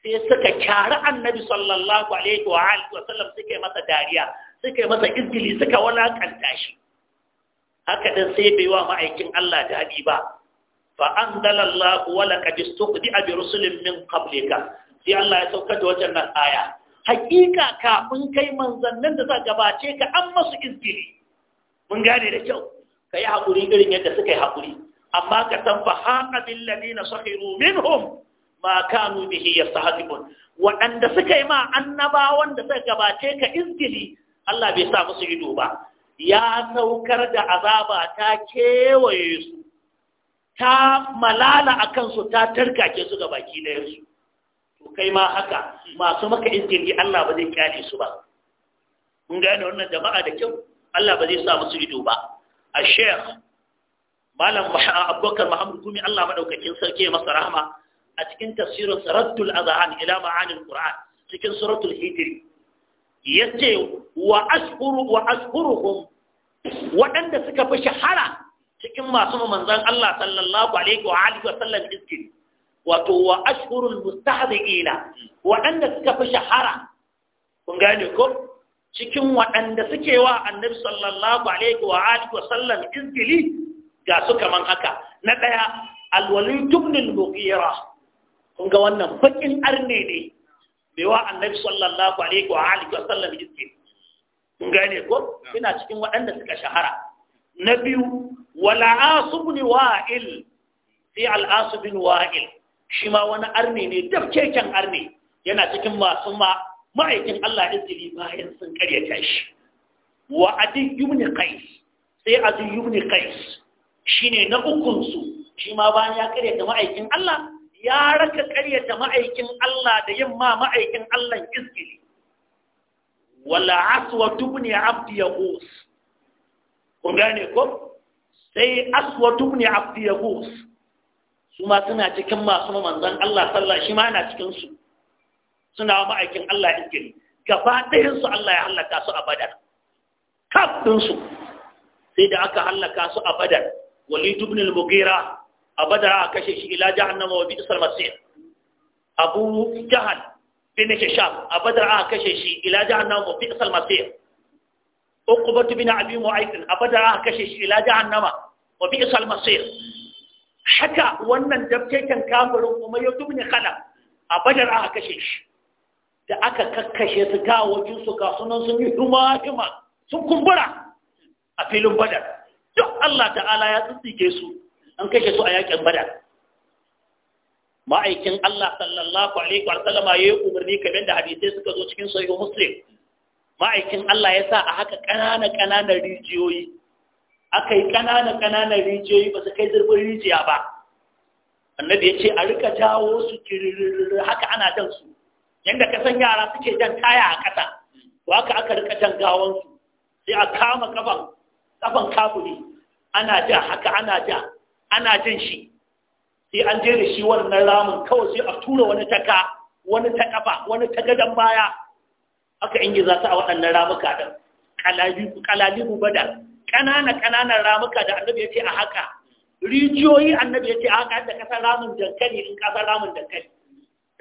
sai suka kyara annabi sallallahu alaihi wa alihi wasallam suke masa dariya suka yi masa izgili suka walakanta shi haka dan sai bai wa ma'aikin Allah dadi ba fa anzalallahu wa laqad istuqdi'a bi rusulin min qablika sai Allah ya sauka da wannan aya hakika kafin kai manzannin da za gabace ka an masu izgili mun gane da kyau ka hakuri irin yadda suka yi hakuri. amma ka san fa haqa bil ladina sakhiru minhum ma kanu bihi yastahzi'un waɗanda suka yi ma annabawan da suka gabace ka izgili Allah bai sa musu ido ba ya saukar da azaba ta kewaye su ta malala a kansu ta tarkake su ga baki ɗayansu to kai ma haka masu maka izgirgi Allah ba zai kyale su ba mun gane wannan jama'a da kyau Allah ba zai sa musu ido ba a sheikh malam abubakar muhammad gumi Allah madaukakin sarki masa rahama a cikin tafsirin saratul azhan ila ma'anil qur'an cikin suratul hijri yace wa ashkuru wa ashkuruhum waɗanda suka fi shahara cikin masu manzan Allah sallallahu alaihi wa alihi wa sallam iskiri wato wa ashhurul mustahdiqina waɗanda suka fi shahara kun gane ko cikin waɗanda suke wa annabi sallallahu alaihi wa alihi wa sallam iskili ga su kaman haka na ɗaya alwalid ibn al-mughira kun ga wannan bakin arne ne bai wa annabi sallallahu alaihi wa alihi wa sallam iske ko ina cikin waɗanda suka shahara na biyu wala asubni wa'il sai al'asubin wa'il shi ma wani arni ne dabkeken arni yana cikin masu ma ma'aikin Allah izini bayan sun karyata shi wa adi yubni qais sai adi yubni qais shine na ukun su shi ma bayan ya karyata ma'aikin Allah ya raka karyata ma'aikin Allah da yin ma ma'aikin Allah iskili. wala aswatu ibn abd yaqus Ku gane ko sai aswatu ibn abd yaqus su ma suna cikin masu manzon Allah sallallahu shi ma na cikin su suna wa ma'aikin Allah iskili. gaba ɗayan su Allah ya halaka su a badar kaf ɗinsu sai da aka halaka su a badar walid ibn al-mughira Abada badara a kashe shi ila jahannama wa bi'sal masir abu jahal bin hisham abada badara a kashe shi ila jahannama wa bi'sal masir uqbatu bin abi mu'ayth a badara a kashe shi ila jahannama wa bi'sal masir haka wannan dabteken kafirin umayya ibn khalaf a badara a kashe shi da aka kakkashe su wajen su ga sunan sun yi huma hima sun kumbura a filin badar duk Allah ta'ala ya tsitsike su an kai su a yakin bada ma'aikin Allah sallallahu alaihi wa sallam ya yi umarni kamar da hadisai suka zo cikin sahihu muslim ma'aikin Allah ya sa a haka ƙanana ƙananan rijiyoyi aka yi ƙanana ƙananan rijiyoyi ba su kai zurbin rijiya ba annabi ya ce a rika jawo su kirirrir haka ana jan su yadda ka san yara suke jan taya a ƙasa to haka aka rika jan gawansu sai a kama kafan kafan kafuri ana ja haka ana ja ana jin shi sai an je da shi wannan ramin kawai sai a tura wani taka wani ta kafa wani ta gadan baya aka ingiza ta a waɗannan ramuka da kalalibu kalalibu badar ƙanana ƙananan ramuka da annabi ya ce a haka rijiyoyi annabi ya ce a haka da kasar ramin dankali in kasar ramin dankali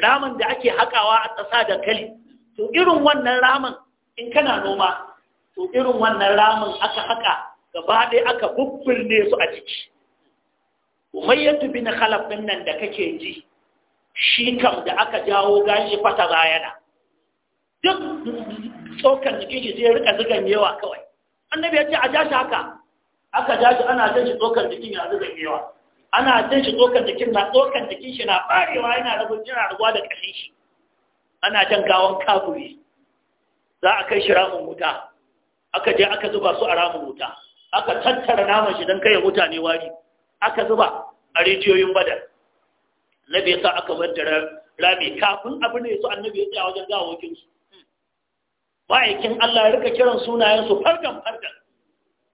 ramin da ake hakawa a tsasa dankali to irin wannan ramin in kana noma to irin wannan ramin aka haka gaba ɗaya aka bubbulle su a ciki umayyatu bin khalaf din nan da kake ji shi kam da aka jawo gashi fata bayana duk tsokar jikin shi zai rika zugan yawa kawai annabi ya ce a jashi haka aka jashi ana jin shi tsokar jikin ya zugan yawa ana jin shi tsokar jikin na tsokar jikin shi na barewa yana rabu jira ruwa da kashin shi ana jan gawan kafuri za a kai shi ramin wuta aka je aka zuba su a ramin wuta aka tattara naman shi don kai mutane wari aka zuba a rijiyoyin badar Na ya sa aka wantara rami kafin abin da ya annabi ya tsaya wajen gawokin su ma'aikin Allah ya rika kiran sunayen su fargan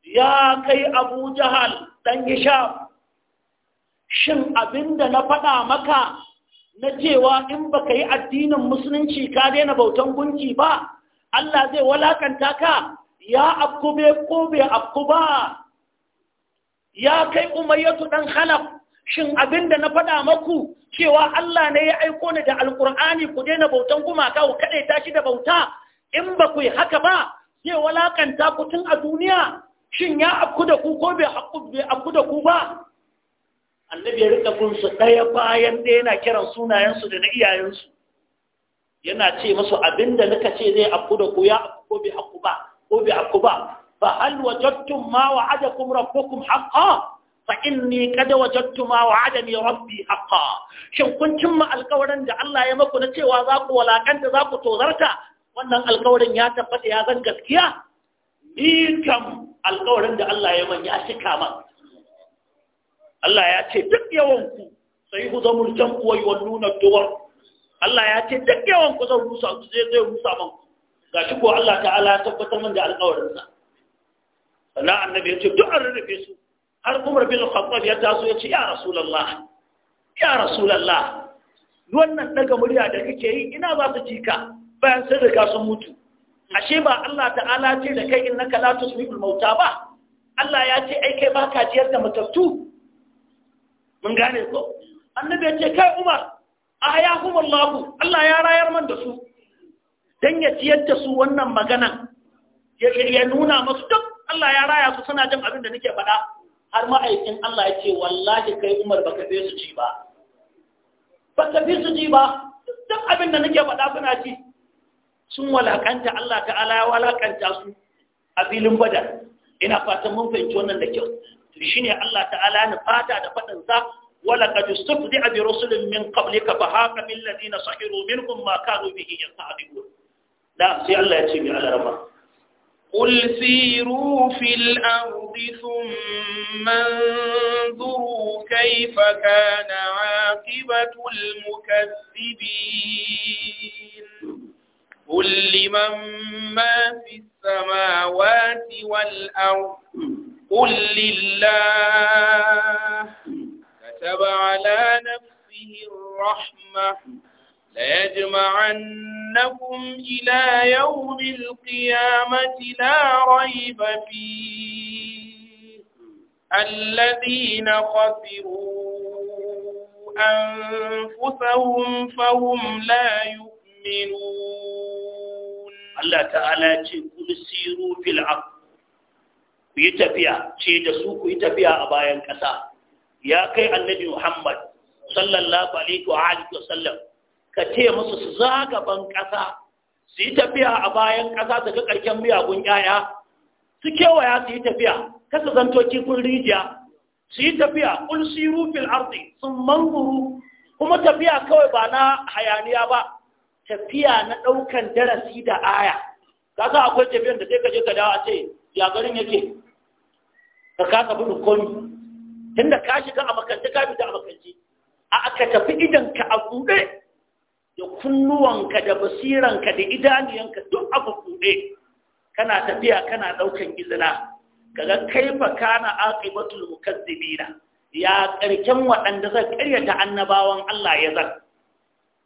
ya kai Abu Jahal dan Hisham shin abinda na faɗa maka na cewa in baka yi addinin musulunci ka daina bautan gunki ba Allah zai walakanta ka ya abku be ko be abku ba ya kai umayyatu dan khalaf shin abinda na faɗa maku cewa Allah ne ya aiko ni da alkur'ani ku daina bautan gumaka ku ta tashi da bauta in ba ku yi haka ba zai walakanta ku tun a duniya shin ya afku da ku ko bai afku da ku ba annabi ya rika bin su ɗaya bayan ɗaya yana kiran sunayensu da na iyayensu yana ce masu abinda nika ce zai afku da ku ya afku ko bai ba ko bai afku ba فهل وجدتم ما وعدكم ربكم حقا فإني قد وجدت ما وعدني ربي حقا shin kun cimma alƙawarin da Allah ya maku na cewa za ku walakanta za ku tozarta wannan alƙawarin ya tabbata ya zan gaskiya ni kam alƙawarin da Allah ya man ya cika man Allah ya ce duk yawan ku sai ku zama jan kuwa nuna duwar Allah ya ce duk yawan ku zan rusa zai rusa man gashi ko Allah ta'ala ya tabbatar min da alƙawarin sa sannan annabi ya ce duk an rarrafe su har umar bin khattab ya taso ya ce ya rasulullah ya rasulullah wannan daga murya da kake yi ina za su cika bayan sun riga sun mutu ashe ba Allah ta'ala ce da kai innaka la tusmi'ul mauta ba Allah ya ce ai kai baka jiyar da matattu mun gane ko annabi ya ce kai Umar ahyahum Allah Allah ya rayar man da su dan ya ciyar da su wannan magana ya nuna masu duk Allah ya raya su suna jin abin da nake faɗa har ma'aikin Allah ya ce wallahi kai Umar baka fi su ji ba baka fi su ji ba duk abin da nake faɗa suna ci sun walakanta Allah ta'ala ya walakanta su a filin badar ina fatan mun fahimci wannan da kyau to shine Allah ta'ala ya fata da faɗin sa ولقد استفزع برسل من قبلك فهاق بالذين سخروا منهم ما كانوا به Da sai Allah ya ce على ربك قل سيروا في الأرض ثم انظروا كيف كان عاقبة المكذبين قل لمن ما في السماوات والأرض قل لله كتب على نفسه الرحمة ليجمعنكم إلى يوم القيامة لا ريب فيه الذين خسروا أنفسهم فهم لا يؤمنون الله تعالى تقول سيروا في العقل ku yi tafiya ce su ku yi tafiya a bayan ƙasa ya kai annabi Muhammad sallallahu alaihi ka ce musu su zagaban ƙasa su yi tafiya a bayan ƙasa daga ƙarshen miyagun ƴaƴa su kewaya su yi tafiya kasa zanto kifin rijiya su yi tafiya kun siru fil arzi sun manguru kuma tafiya kawai ba na hayaniya ba tafiya na ɗaukan darasi da aya ka sa akwai tafiyan da sai ka je ka dawo a ce ya garin yake ka kasa bin komi tunda ka shiga a makanci ka fita a makanci a aka tafi idan ka a buɗe da kunnuwanka da basiranka da idaniyanka duk abu buɗe kana tafiya kana ɗaukan izina kaga kaifa kana aqibatul mukazzibina ya karken waɗanda zai karyata annabawan Allah ya zan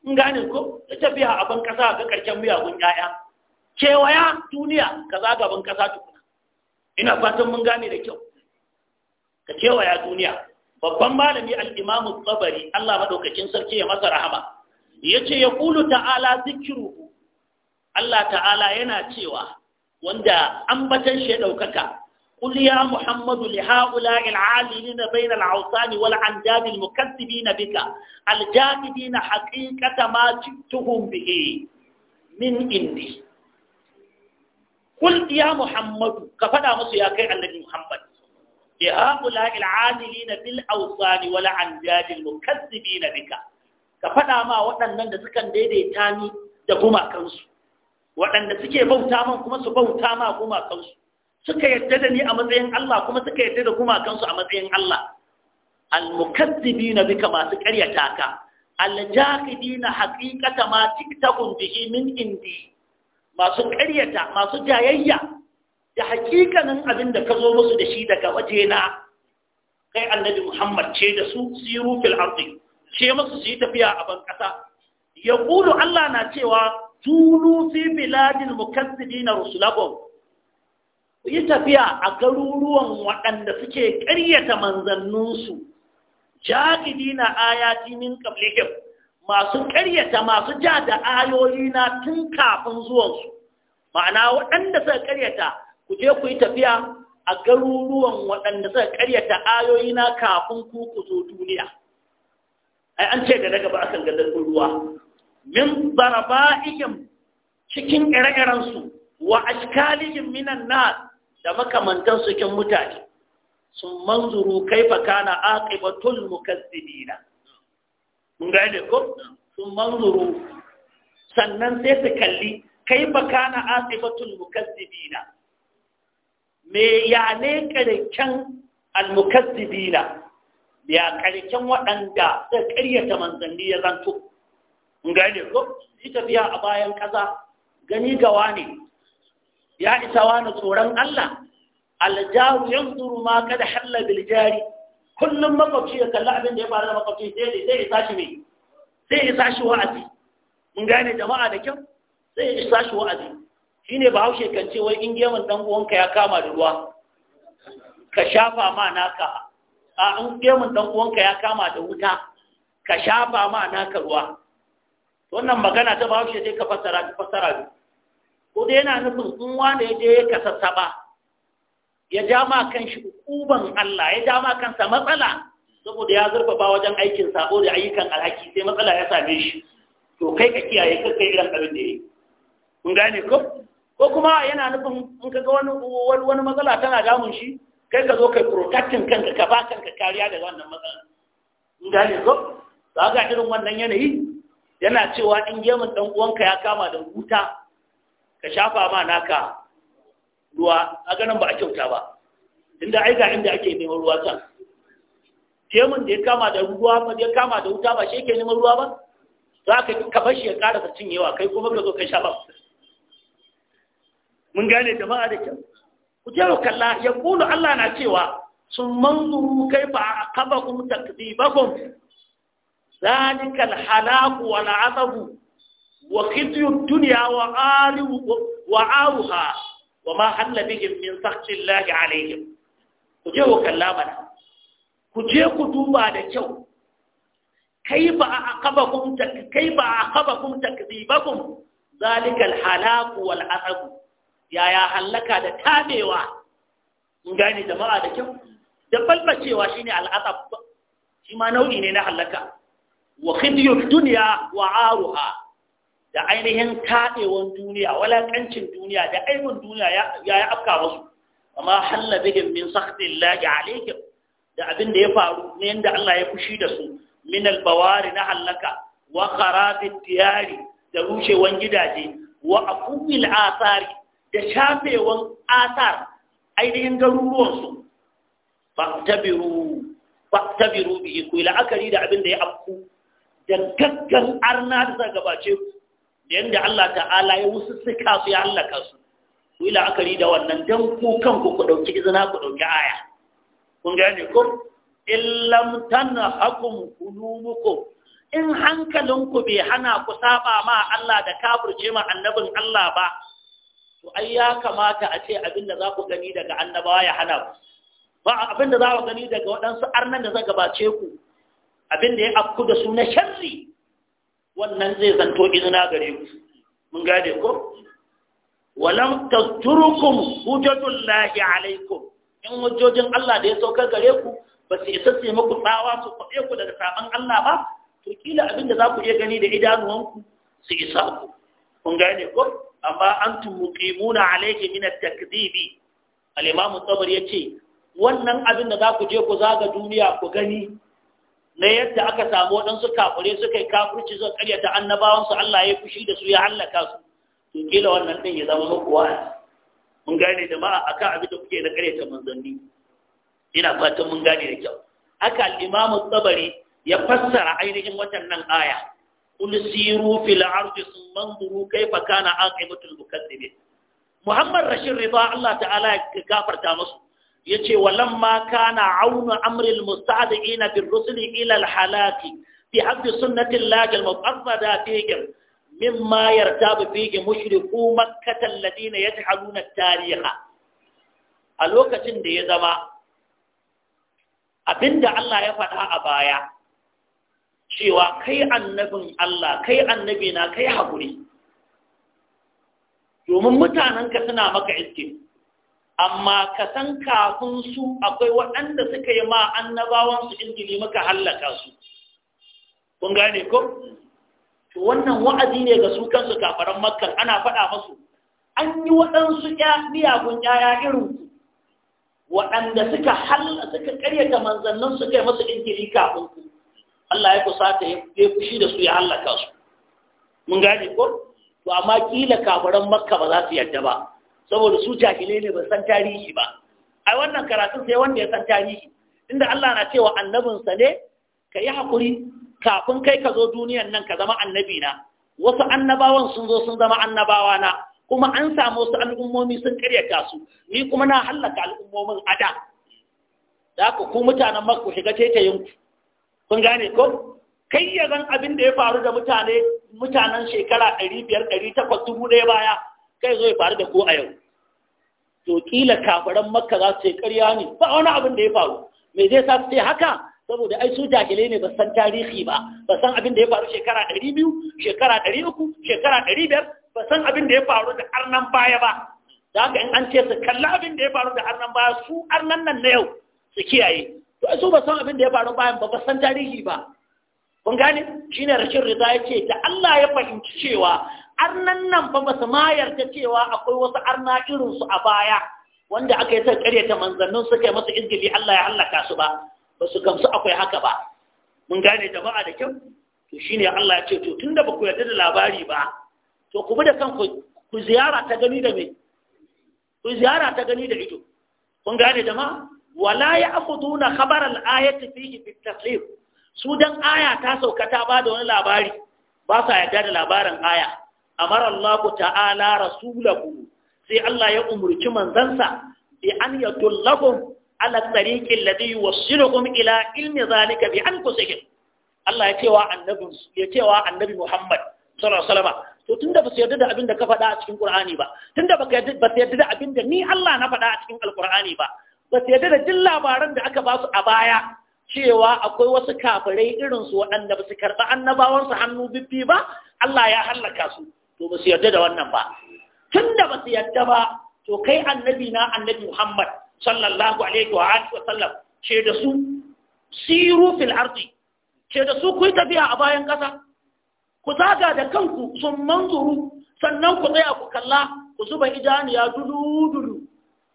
in gane ko ta tafiya a ban kasa ga karken miyagun ƴaƴa kewaya duniya ka zaga ban kasa tukuna ina fatan mun gane da kyau ka kewaya duniya babban malami al-imamu tsabari Allah madaukakin sarki ya masa rahama yace ya kulu ta'ala zikruhu Allah ta'ala yana cewa wanda ambatan shi daukaka qul ya muhammadu li haula al'alimin bayna al'awsani wal andami al bika al jamidin haqiqata ma jittuhum bihi min indi qul ya muhammadu ka fada musu ya kai annabi muhammad li haula al'alimin bil awsani wal andami al bika ka faɗa ma waɗannan da sukan daidaita ni da gumakansu waɗanda suke bauta man kuma su bauta ma gumakansu suka yadda da ni a matsayin Allah kuma suka yadda da gumakansu a matsayin Allah na bika masu ƙaryata ka aljahidina haqiqata ma tiktakun bihi min indi masu ƙaryata masu jayayya da haƙiƙanin abin da ka zo musu da shi daga waje na kai annabi Muhammad ce da su siru fil ardi ce masu su yi tafiya a ban ƙasa ya ƙulu Allah na cewa tulu fi biladin na rusulahum ku yi tafiya a garuruwan waɗanda suke ƙaryata manzanninsu dina ayati min qablihim masu ƙaryata masu ja da ayoyi na tun kafin zuwansu ma'ana waɗanda suka ƙaryata ku je ku yi tafiya a garuruwan waɗanda suka ƙaryata ayoyi na kafin ku ku zo duniya ai an ce da daga ba akan ga dalbin ruwa min zaraba'ihim cikin ire-iren su wa ashkalihim minan nas da makamantan su kin mutane sun manzuru kaifa kana aqibatul mukazzibina mun ga ne ko sun manzuru sannan sai su kalli kaifa kana aqibatul mukazzibina me ya ne kan al mukazzibina ya ƙarshen waɗanda da ƙaryata manzanni ya zanto gane ko shi tafiya a bayan ƙasa gani gawa ne ya isa wani tsoron Allah aljahu zuru ma kada halla biljari, kullum makwabci ya kalli abin da ya faru da makwabci sai ya isa shi me sai isa shi wa'azi mun gane jama'a da kyau sai isa shi wa'azi shine bahaushe kan ce wai in gemun dan uwanka ya kama da ruwa ka shafa ma naka a an gemun dan uwanka ya kama da wuta ka shafa ma ka ruwa wannan magana ta bawo dai ka fassara ka fasara ko dai yana nufin in wani ya je ya kasassaba ya ja ma kan shi kuban Allah ya ja ma kansa matsala saboda ya zurfa ba wajen aikin sabo da ayyukan alhaki sai matsala ya same shi to kai ka kiyaye ka kai irin abin da yake kun gane ko ko kuma yana nufin in kaga wani wani matsala tana damun shi kai ka zo kai protecting kanka ka ba kanka kariya daga wannan matsalar in gane ko za ga irin wannan yanayi yana cewa in gemun dan uwanka ya kama da wuta ka shafa ma naka ruwa a ganin ba a kyauta ba inda ai ga inda ake neman ruwa kan gemun da ya kama da ruwa ba ya kama da wuta ba shi yake neman ruwa ba za ka ka bar shi ya kara ta cinyewa kai kuma ka zo ka shafa mun gane jama'a da kyau ku je ku kalla ya kulu Allah na cewa sun manzuru kai ba a kaba kun takdibakum zalika alhalaku wal azabu wa khizyu dunya wa alu wa auha wa ma halla bihim min sakhti Allah alaihim ku je ku kalla mana ku je ku duba da kyau kai ba a akabakum kai ba a akabakum takdibakum zalika alhalaku wal azabu yaya hallaka da tabewa in gane jama'a da kyau da falbacewa shine al'asab shi ma nau'i ne na hallaka wa khidyud dunya wa aruha da ainihin tadewan duniya walakancin duniya da aibun duniya ya ya afka musu amma halla bihim min sakhtillahi alayhim da abin da ya faru ne yanda Allah ya fushi da su min albawari na hallaka wa kharabid diyari da rushewan gidaje wa aqumil athari da shafewan asar ainihin garuruwansu ba tabiru ba tabiru bihi ku la'akari da abin da ya afku da gaggan arna da za gabace ku da yadda Allah ta'ala ya wusu suka su ya hallaka su ku yi la'akari da wannan don ku kanku ku ɗauki izina ku ɗauki aya kun ne ko illam tanhakum qulubukum in hankalinku bai hana ku saba ma Allah da kafirce ma annabin Allah ba to ai ya kamata a ce abin da za ku gani daga annabawa ya hana ku ba abin da za ku gani daga waɗansu arnan da za gabace ku abin da ya afku da su na sharri wannan zai zanto izina gare ku mun gade ko walam tasturukum lahi alaikum in hujjojin Allah da ya saukar gare ku ba su isa su muku tsawa su kwaɗe ku daga saban Allah ba to kila abin da za ku iya gani da idanuwanku su isa ku kun gane ko amma an antum muqimuna alayhi min at takdibi al-imam ya yace wannan abin da za ku je ku zaga duniya ku gani na yadda aka samu waɗansu kafure suka yi kafurci suka karyata annabawansu Allah ya fushi da su ya hallaka su to kila wannan din ya zama muku wa'azi mun gane jama'a akan abin da kuke na karyata manzanni ina fatan mun gane da kyau haka al-imam tabari ya fassara ainihin nan, aya qul siru fil ardi thumma anzuru kayfa kana aqibatul mukaththibin Muhammad Rashid Rida Allah ta'ala ya gafarta musu yace walamma kana aunu amril musta'dina bir rusuli ila al halaki fi hadd sunnati Allah al mufaddada fihim mimma yartabu fihi mushriku makkah alladhina yajhaluna at-tariha a lokacin da ya zama abinda Allah ya faɗa a baya cewa kai annabin Allah kai annabi na kai hakuri. domin mutanenka suna maka iske amma ka san kafin su akwai waɗanda suka yi ma annabawansu ingili maka hallaka su kun gane ko to wannan wa'azi ne ga su kansu kafaran ana faɗa masu an yi waɗansu miyagun 'ya'ya irin waɗanda suka halla suka ƙaryata manzannin suka yi masu ingili kafin ku Allah ya kusata ya fushi da su ya hallaka su mun gane ko to amma kila kafaran makka ba za su yadda ba saboda su jahilai ne ba san tarihi ba ai wannan karatun sai wanda ya san tarihi inda Allah na cewa sa ne ka yi hakuri kafin kai ka zo duniyan nan ka zama annabi na wasu annabawan sun zo sun zama annabawa na kuma an samu wasu al'ummomi sun karyata su ni kuma na hallaka al'ummomin ada da ku mutanen makka ku shiga taitayin kun gane ko kai ya zan abin da ya faru da mutane mutanen shekara 500 takwas, dubu ɗaya baya kai zo ya faru da ko a yau to kila kafaran makka za su ce ƙarya ne ba wani abin da ya faru me zai sa su ce haka saboda ai su jahilai ne ba san tarihi ba ba san abin da ya faru shekara 200 shekara 300 shekara 500 ba san abin da ya faru da arnan baya ba da haka in an ce su kalla abin da ya faru da arnan baya su arnan nan na yau su kiyaye to su ba san abin da ya faru bayan ba ba san tarihi ba kun gane shine rashin rida ya ce da Allah ya fahimci cewa arnan nan ba ba su mayar ta cewa akwai wasu arna irin su a baya wanda aka yi ta manzannin suka yi masa izgili Allah ya hallaka su ba ba su gamsu akwai haka ba mun gane jama'a da kyau to shine Allah ya ce to tunda ba ku yarda da labari ba to ku bi da kanku ku ziyara ta gani da me ku ziyara ta gani da ido kun gane jama'a wala ya akhuduna khabar al-ayati fihi bi taklif su dan aya ta sauka ta bada wani labari ba sa yadda da labarin aya amara Allah ta'ala rasulahu sai Allah ya umurci manzansa bi an yadullahum ala tariqi alladhi yuwassiluhum ila ilmi zalika bi anfusihim Allah ya cewa annabi ya cewa annabi Muhammad sallallahu alaihi wasallam to tunda ba su yarda da abin da ka faɗa a cikin Qur'ani ba tunda ba ka yarda da abin da ni Allah na faɗa a cikin Al-Qur'ani ba ba su yadda da jin labaran da aka ba su a baya cewa akwai wasu kafirai irinsu waɗanda ba su karɓi annabawansu hannu bibbi ba Allah ya hallaka su to ba su yarda da wannan ba tun da ba su yarda ba to kai annabi na annabi Muhammad sallallahu alaihi wa alihi wa sallam ce da su siru fil ardi ce da su ku yi tafiya a bayan ƙasa ku zaga da kanku sun manzuru sannan ku tsaya ku kalla ku zuba idaniya dudu dudu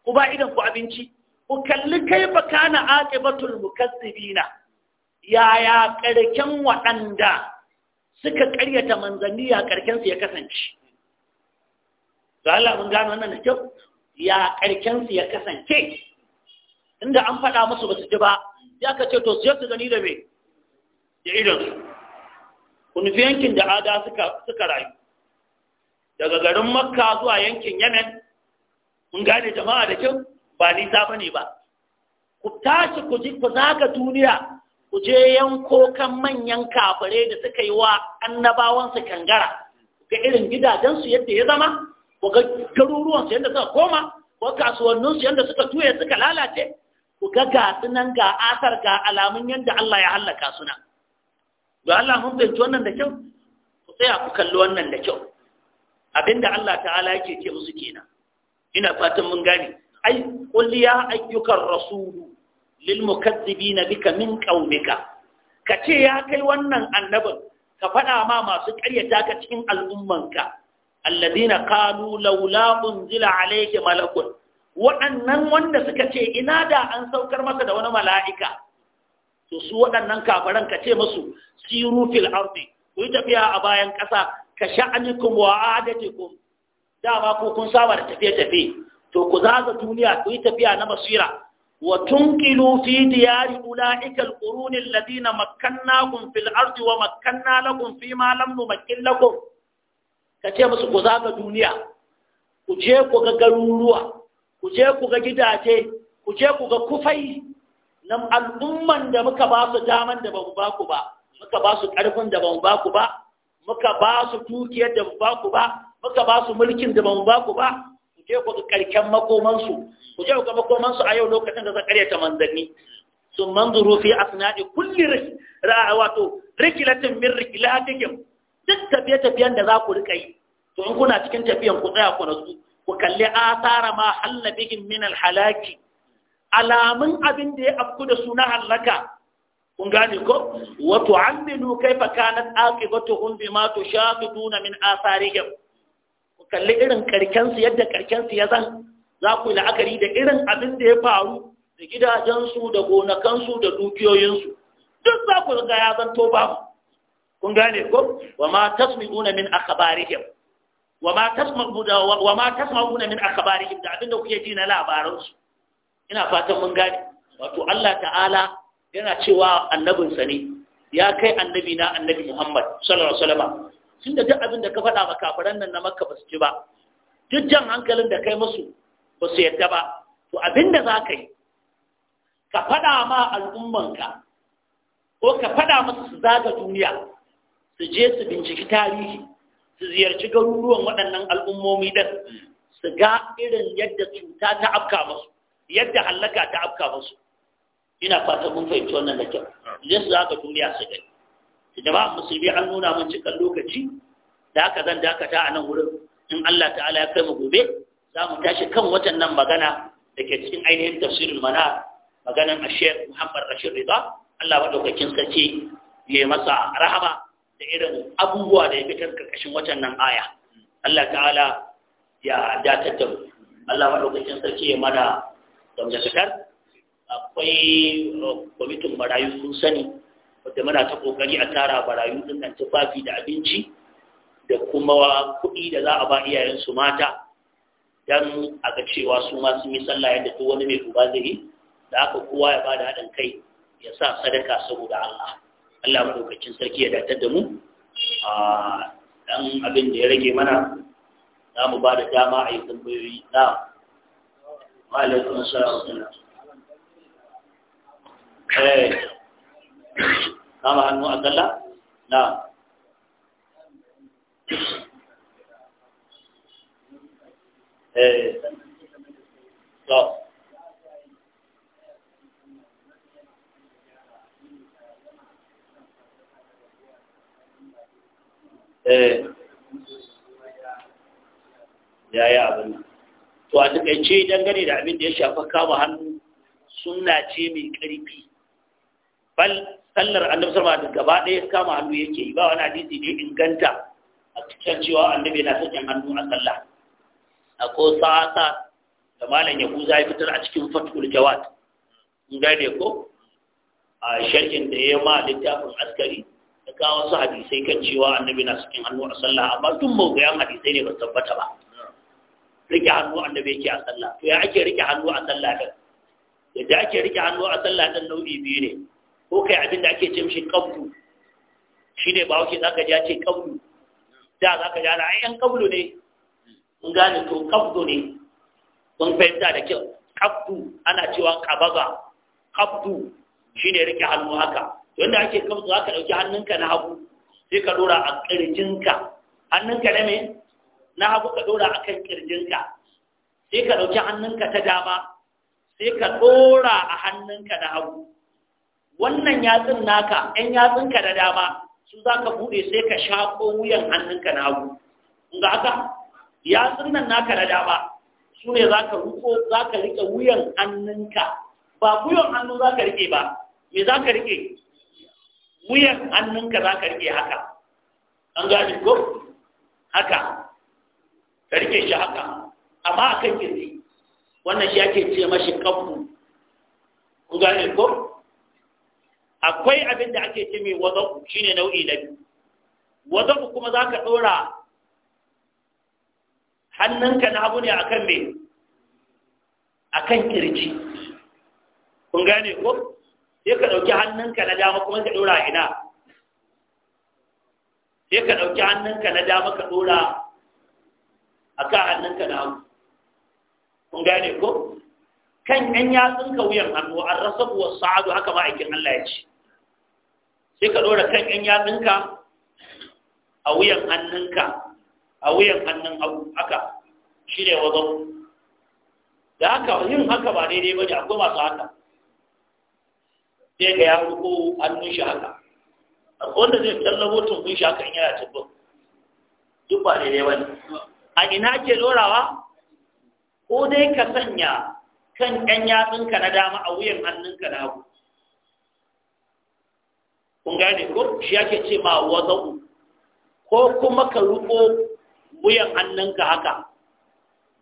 ku ba idan ku abinci ku kalli kai ba kana aqibatul mukazzibina yaya karken waɗanda suka ƙaryata manzanni ya karken su ya kasance to Allah mun gano wannan da kyau ya karken su ya kasance inda an faɗa musu ba su ji ba ya ka ce to su su gani da me da idon kun fi yankin da ada suka suka rayu daga garin makka zuwa yankin yemen mun gane jama'a da kyau ba nisa ba ne ba ku tashi ku ji ku zaga duniya ku je yanko kan manyan kafare da suka yi wa annabawansu kangara ga irin gidajensu yadda ya zama ku ga garuruwansu yadda suka koma ko kasuwanninsu yadda suka tuye suka lalace ku ga ga nan ga asar ga alamun yadda Allah ya hallaka su nan Allah mun fahimci wannan da kyau ku tsaya ku kalli wannan da kyau abinda Allah ta'ala yake ce musu kenan ina fatan mun gane ai qul ya ayyukan rasulu lil mukaththibina bika min qaumika kace ya kai wannan annabin ka faɗa ma masu ƙaryata ka cikin al'ummanka alladina qalu laula unzila alayhi malakun waɗannan wanda suka ce ina da an saukar masa da wani mala'ika to su waɗannan kafaran ka ce musu siru fil ardi ku yi tafiya a bayan ƙasa ka sha'anikum wa adatikum dama ko kun saba da tafiye-tafiye to ku zaga duniya ku yi tafiya na basira wa tunqilu fi diyari ulaika alqurun alladhina makkannakum fil ardi wa makkanna lakum fi ma lam numakkin lakum kace musu ku zaga duniya ku je ku ga garuruwa ku je ku ga gidaje ku je ku ga kufai nan al'umman da muka ba su daman da ba mu ba ku ba muka ba su ƙarfin da ba mu ba ku ba muka ba su tukiyar da ba ku ba muka ba su mulkin da ba mu ba ku ba je ku karken makomansu ku je ga makomansu a yau lokacin da zan karyata manzanni sun manzuru fi asna'i kulli wato rikilatin min rikilatihim duk tafiye-tafiyen da za ku rika yi to in kuna cikin tafiyan ku tsaya ku nasu ku kalli asara ma halla bikin min alhalaki alamun abin da ya afku da su na hallaka kun gane ko wato an binu kanat aqibatuhum bima tushaqiduna min asarihim kalli irin karkensu yadda karkensu ya zan za ku yi la'akari da irin abin da ya faru da gidajensu da gonakansu da dukiyoyinsu duk za ku ga ya zanto babu kun gane ko wa ma tasmi'una min akhbarihim wa ma tasma'una wa ma tasma'una min akhbarihim da abin da kuke ji na labaransu ina fatan mun gane wato Allah ta'ala yana cewa annabinsa ne ya kai annabi na annabi Muhammad sallallahu alaihi wasallam sun da duk abin da ka faɗa makafaran nan na makka ba su ci ba duk jan hankalin da kai musu ba su yadda ba to abin da za ka yi ka faɗa ma al'ummanka ko ka faɗa musu su zaga duniya su je su binciki tarihi su ziyarci garuruwan waɗannan al'ummomi ɗin su ga irin yadda cuta ta afka musu yadda hallaka ta afka musu ina fata mun fahimci wannan da kyau je su zaga duniya su gani jama'a musulmi an nuna mun cikin lokaci da aka zan dakata a nan wurin in Allah ta'ala ya kai mu gobe za mu tashi kan watan nan magana da ke cikin ainihin tafsirin mana maganan ashir muhammad rashid rida Allah dokokin sarki ya masa rahama da irin abubuwa da ya fitar karkashin watan nan aya Allah ta'ala ya datar da mu Allah sarki ya mana da fitar akwai uh, kwamitin marayu sun sani wata muna ta kokari a tara barayu sun kan tufafi da abinci da kuma kuɗi da za a ba iyayen su mata don a ga cewa su ma sun yi sallah yadda duk wani mai uba zai yi da aka kowa ya bada haɗin kai ya sa sadaka saboda Allah Allah dokacin sarki ya datar da mu a dan abin da ya rage mana za mu ba da dama a yi tambayoyi na ma'alaikun salam eh kama hannu a sallah na eh to eh yaya abin nan to a takaice dangane da abin da ya shafa kama hannu suna ce mai ƙarfi bal sallar annabi sallallahu alaihi wasallam gaba ɗaya kama hannu yake yi ba wani hadisi ne inganta a cikin cewa annabi na sakin hannu a sallah akwai sa'asa da malam yahuza ya fitar a cikin fatul jawad in gane ko a sharhin da ya ma littafin askari da kawo wasu hadisai kan cewa annabi na sakin hannu a sallah amma tun mawuyan hadisai ne ba tabbata ba rike hannu annabi yake a sallah to ya ake rike hannu a sallah din yadda ake rike hannu a sallah din nau'i biyu ne ko kai abin da ake ce mishi kablu shi ne ba wuce zaka ja ce kablu da zaka ja ai yan kablu ne mun gane to kabdu ne mun fahimta da kyau kabdu ana cewa kabaga kabdu ne rike hannu haka yanda ake kabdu haka dauki hannunka na hagu sai ka dora a kirjinka hannunka na me na hagu ka dora kan kirjinka sai ka dauki hannunka ta dama sai ka dora a hannunka na hagu wannan yatsun naka ɗan yatsunka da dama su za ka buɗe sai ka shaƙo wuyan hannunka na hagu ga haka yatsun nan naka da dama su ne za ka riƙo za ka riƙe wuyan hannunka ba wuyan hannu za ka riƙe ba me za ka riƙe wuyan hannunka za ka riƙe haka an gane ko haka ka riƙe shi haka amma a kan kirji wannan shi ake ce mashi kafu ku gane ko akwai abin da ake ce mai shine nau'i na biyu wazau kuma za ka ɗora hannunka na hagu ne a kan mai a kan kirji kun gane ko sai ka ɗauki hannunka na dama kuma ka ɗora ina sai ka ɗauki hannunka na dama ka ɗora a kan hannunka na hagu kun gane ko kan yan yatsunka wuyan hannu an rasa kuwa sa'adu haka ma'aikin Allah ya ce sai ka ɗora kan ƴan yatsunka a wuyan hannunka a wuyan hannun abu haka shi ne wazo da haka yin haka ba daidai ba ne a akwai masu haka sai ga ya ruko hannun shi haka A wanda zai tallabo tumbun shi haka in yana tumbun duk ba daidai ba ne a ina ke lorawa ko dai ka sanya kan ƴan yatsunka na dama a wuyan hannunka na hagu kun gane ko shi yake ce ma wazau ko kuma ka ruko wuyan hannunka haka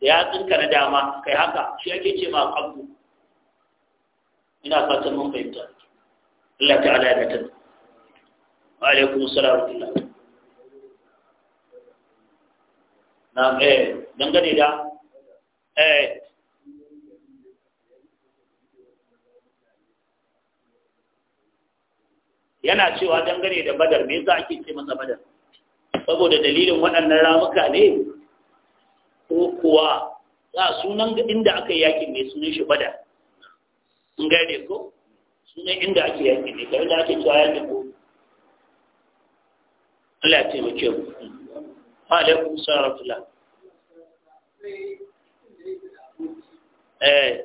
da yatsunka na dama kai haka shi yake ce ma kabdu ina fatan mun fahimta Allah ta'ala ya ta wa alaikum salam na eh dangane da eh yana cewa dangane da badar me a ake ce masa badar saboda dalilin waɗannan ramuka ne ko kuwa za sunan inda aka yi yakin ne sunan shi badar in gane ko sunan inda ake yakin ne kamar da ake cewa yakin ko Allah ya taimake mu wa alaikum salam eh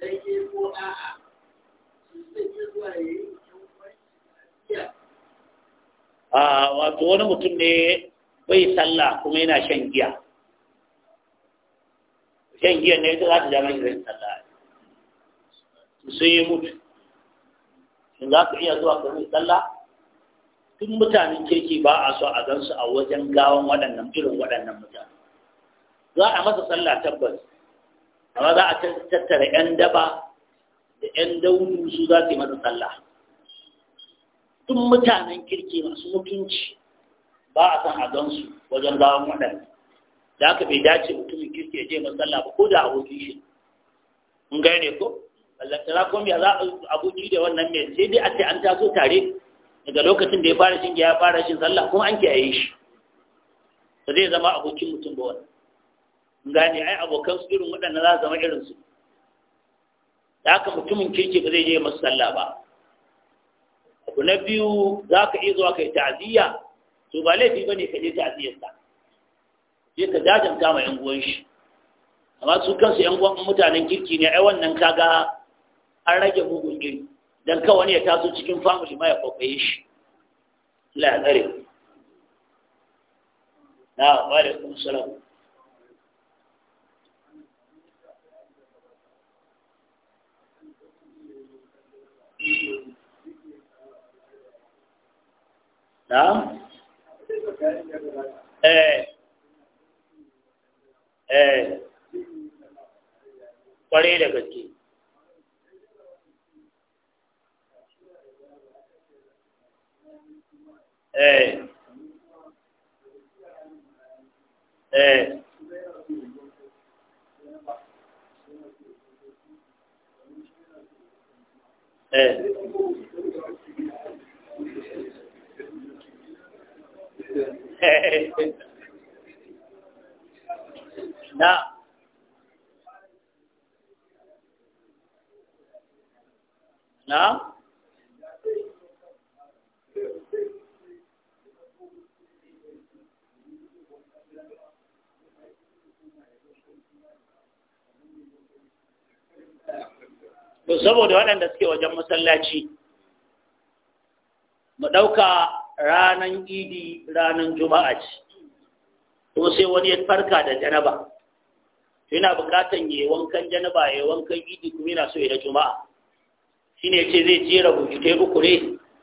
ko a'a su zuwa yi a wato wani mutum ne bai sallah kuma yana shan giya shan giya ne ita za ta jami'in zai sallah sai ya mutu in za ka iya zuwa ka salla sallah tun mutanen kirki ba a so a gansu a wajen gawan waɗannan irin waɗannan mutane za a masa sallah tabbas amma za a tattara 'yan daba da 'yan daunu su za su yi masa sallah tun mutanen kirki masu mutunci ba a san a gansu wajen gawan waɗanda da aka bai dace mutumin kirki ya je sallah ba ko da abokin shi mun gane ko ballantana ko ya za a aboki da wannan mai sai dai a ce an taso tare daga lokacin da ya fara shi ya fara shi sallah kuma an kiyaye shi ba zai zama abokin mutum ba wannan gane ai abokan su irin waɗannan za zama irin su da haka mutumin kirki ba zai je masu sallah ba abu na biyu za ka iya zuwa kai ta'aziyya to ba laifi ne ka je ta'aziyyar sa je ka jajanta ma yan uwan shi amma su kansu yan uwan mutanen kirki ne ai wannan kaga an rage mugun iri dan kawai wani ya taso cikin family ma ya kwakwaye shi la tsare na da kuma salamu na'am eh eh kwarai da gaske eh eh eh na na to saboda waɗanda suke wajen masallaci mu ɗauka ranan idi ranan juma'a ce to sai wani ya farka da janaba yana bukatan yi wankan janaba ya wankan idi kuma yana so ya da juma'a shine ce zai jera bukitai uku ne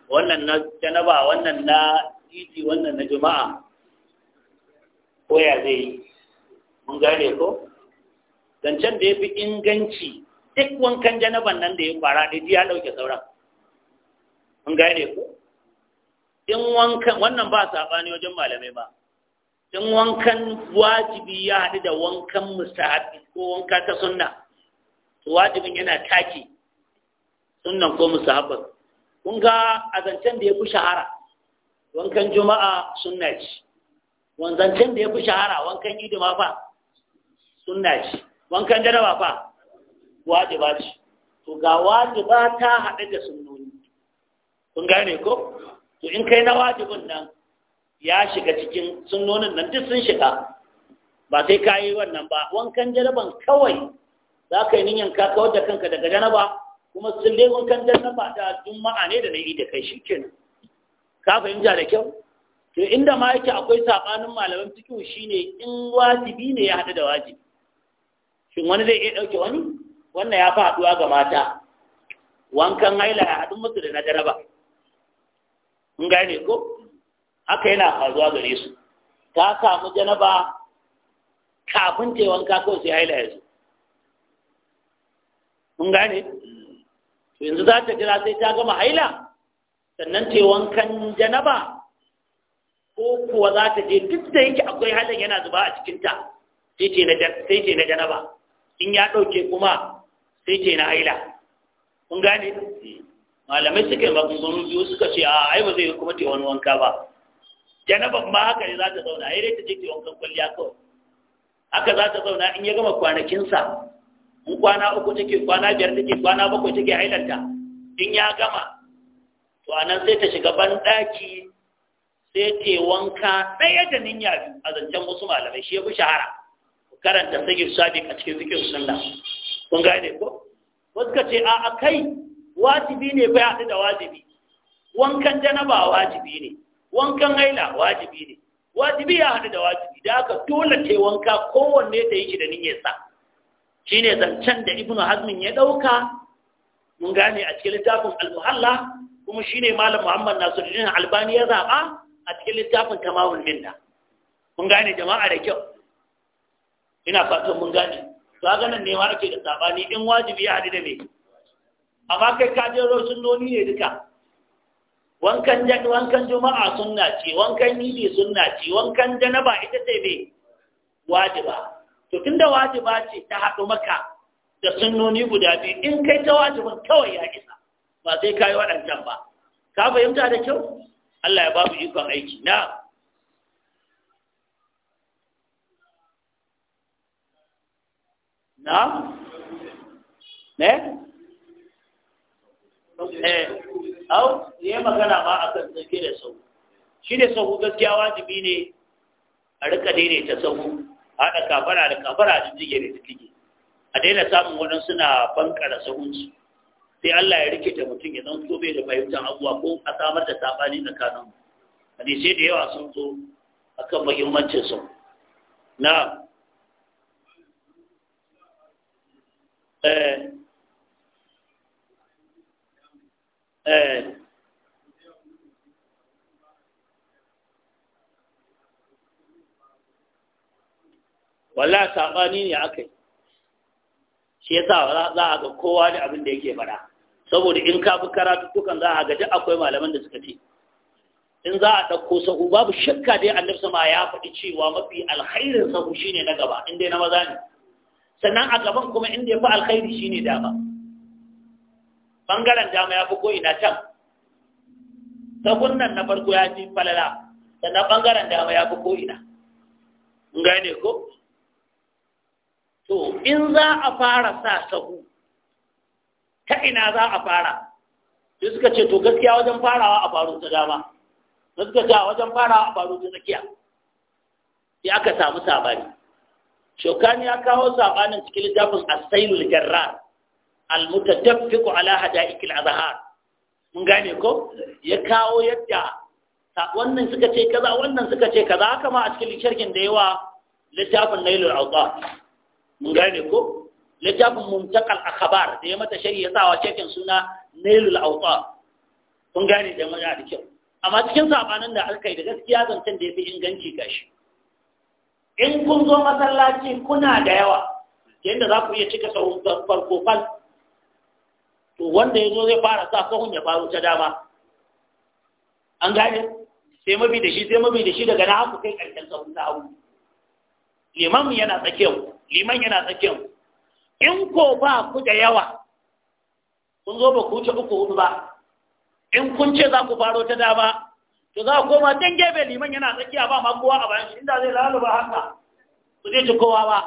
wannan na janaba wannan na idi wannan na juma'a ko ya zai yi mun gane ko zancen da ya fi inganci duk wankan janaban nan da ya fara da ya ɗauke sauran mun gane ko in wankan wannan ba saɓani wajen malamai ba in wankan wajibi ya haɗu da wankan mustahabi ko wanka ta sunna to wajibin yana taki sunnan ko mustahabin kun ga a zancen da ya fi shahara wankan juma'a sunna ce wanzancen da ya fi shahara wankan ma fa sunna ce wankan jaraba fa wajiba ce to ga wajiba ta haɗu da sunnoni kun gane ko to in kai na wajibin nan ya shiga cikin sunnonin nan duk sun shiga ba sai ka yi wannan ba wankan jaraban kawai za ka yi niyan ka kawar da kanka daga janaba kuma sun dai wankan janaba da juma'a ne da na da kai shi kenan ka fahimta da kyau to inda ma yake akwai sabanin malaman shi shine in wajibi ne ya hada da wajibi shin wani zai iya dauke wani wannan ya faduwa ga mata wankan haila ya hadu musu da na jaraba mun gane ko haka yana faruwa gare su ta samu janaba kafin ta wanka sai haila ya zo mun gane yanzu za ta jira sai ta gama haila sannan ce wankan janaba ko kuwa za ta je duk da yake akwai halin yana zuba a cikinta sai ce na janaba in ya ɗauke kuma sai ce na haila kun gane malamai suka yi maganganu biyu suka ce a ai ba zai kuma ta wani wanka ba janaban ma haka ne za ta zauna ai dai ta je wankan kwalliya kawai haka za ta zauna in ya gama kwanakinsa in kwana uku take kwana biyar take kwana bakwai take hailanta in ya gama to anan sai ta shiga ban daki sai ta wanka ɗaya da ninya biyu a zancen wasu malamai shi ya fi shahara karanta ya sabi a cikin zikin sunna kun gane ko wasu ka ce a kai wajibi ne bai haɗu da wajibi wankan janaba wajibi ne wankan haila wajibi ne wajibi ya haɗu da wajibi da aka tolace ce wanka kowanne ta yi shi da niyyarsa shine zancen da ibnu hazmin ya ɗauka mun gane a cikin littafin al-muhalla kuma shine malam muhammad nasiruddin albani ya zaɓa a cikin littafin tamamul minna mun gane jama'a da kyau ina fatan mun gane to ga nan ne ma ake da sabani in wajibi ya haɗu da me amma kai ka jero sunnoni ne duka wankan wankan juma'a sunna ce wankan yini sunna ce wankan janaba ita ce me wajiba to tunda wajiba ce ta hadu maka da sunnoni guda biyu in kai ta wajibin kawai ya isa ba sai kai waɗancan ba ka fahimta da kyau Allah ya babu ikon aiki na na ne eh au ya magana ma akan tsake da sahu. shi da sahu, gaskiya wajibi ne a rika daidaita sau haɗa kafara da kafara da jige da jige a daina samun waɗansu suna bankara sahunsu sai Allah ya rikita mutum ya zan bai da fahimtar abuwa ko a samar da saɓani tsakanin hadisai da yawa sun zo akan muhimmancin sahu. na Wala eh. wallah sabani ne yi, shi za a ga kowa da abin da yake faɗa saboda in ka bi karatukan za a gaji akwai malaman da suka ce in za a ɗauko sahu babu shakka dai nufsa ma ya faɗi cewa mafi alkhairin sahu shine na gaba in dai na maza ne sannan a gaban kuma inda ya fi alkhairi shine dama bangaren dama ya fi ko ina can sakunnan na farko ya ji falala sannan bangaren dama ya fi ko ina gane ko to in za a fara sa sahu ta ina za a fara su suka ce to gaskiya wajen farawa a faru ta dama suka ce wajen farawa a faru ta tsakiya sai aka samu sabani shokani ya kawo sabanin cikin littafin asailul jarrar almutadaffiqu ala hada'ikil azhar mun gane ko ya kawo yadda wannan suka ce kaza wannan suka ce kaza haka ma a cikin sharhin da yawa littafin nailul awda mun gane ko littafin mumtaqal akhbar da ya mata sharhi ya sawa cikin suna nailul awda mun gane da mun da kyau amma cikin sabanin da aka yi da gaskiya zancan da yafi inganci gashi in kun zo masallaci kuna da yawa yadda za ku iya cika sahun farko fal to wanda ya zo zai fara sa sahun ya faru ta dama an gane sai mabi da shi sai mabi da shi daga na haku kai karshen sahun ta hagu liman yana tsakiyar liman yana tsakiyar in ko ba ku da yawa kun zo ba ku wuce uku hudu ba in kun ce za ku faro ta dama to za ku koma can gefe liman yana tsakiya ba ma kowa a bayan shi inda zai laluba haka ku zai ci kowa ba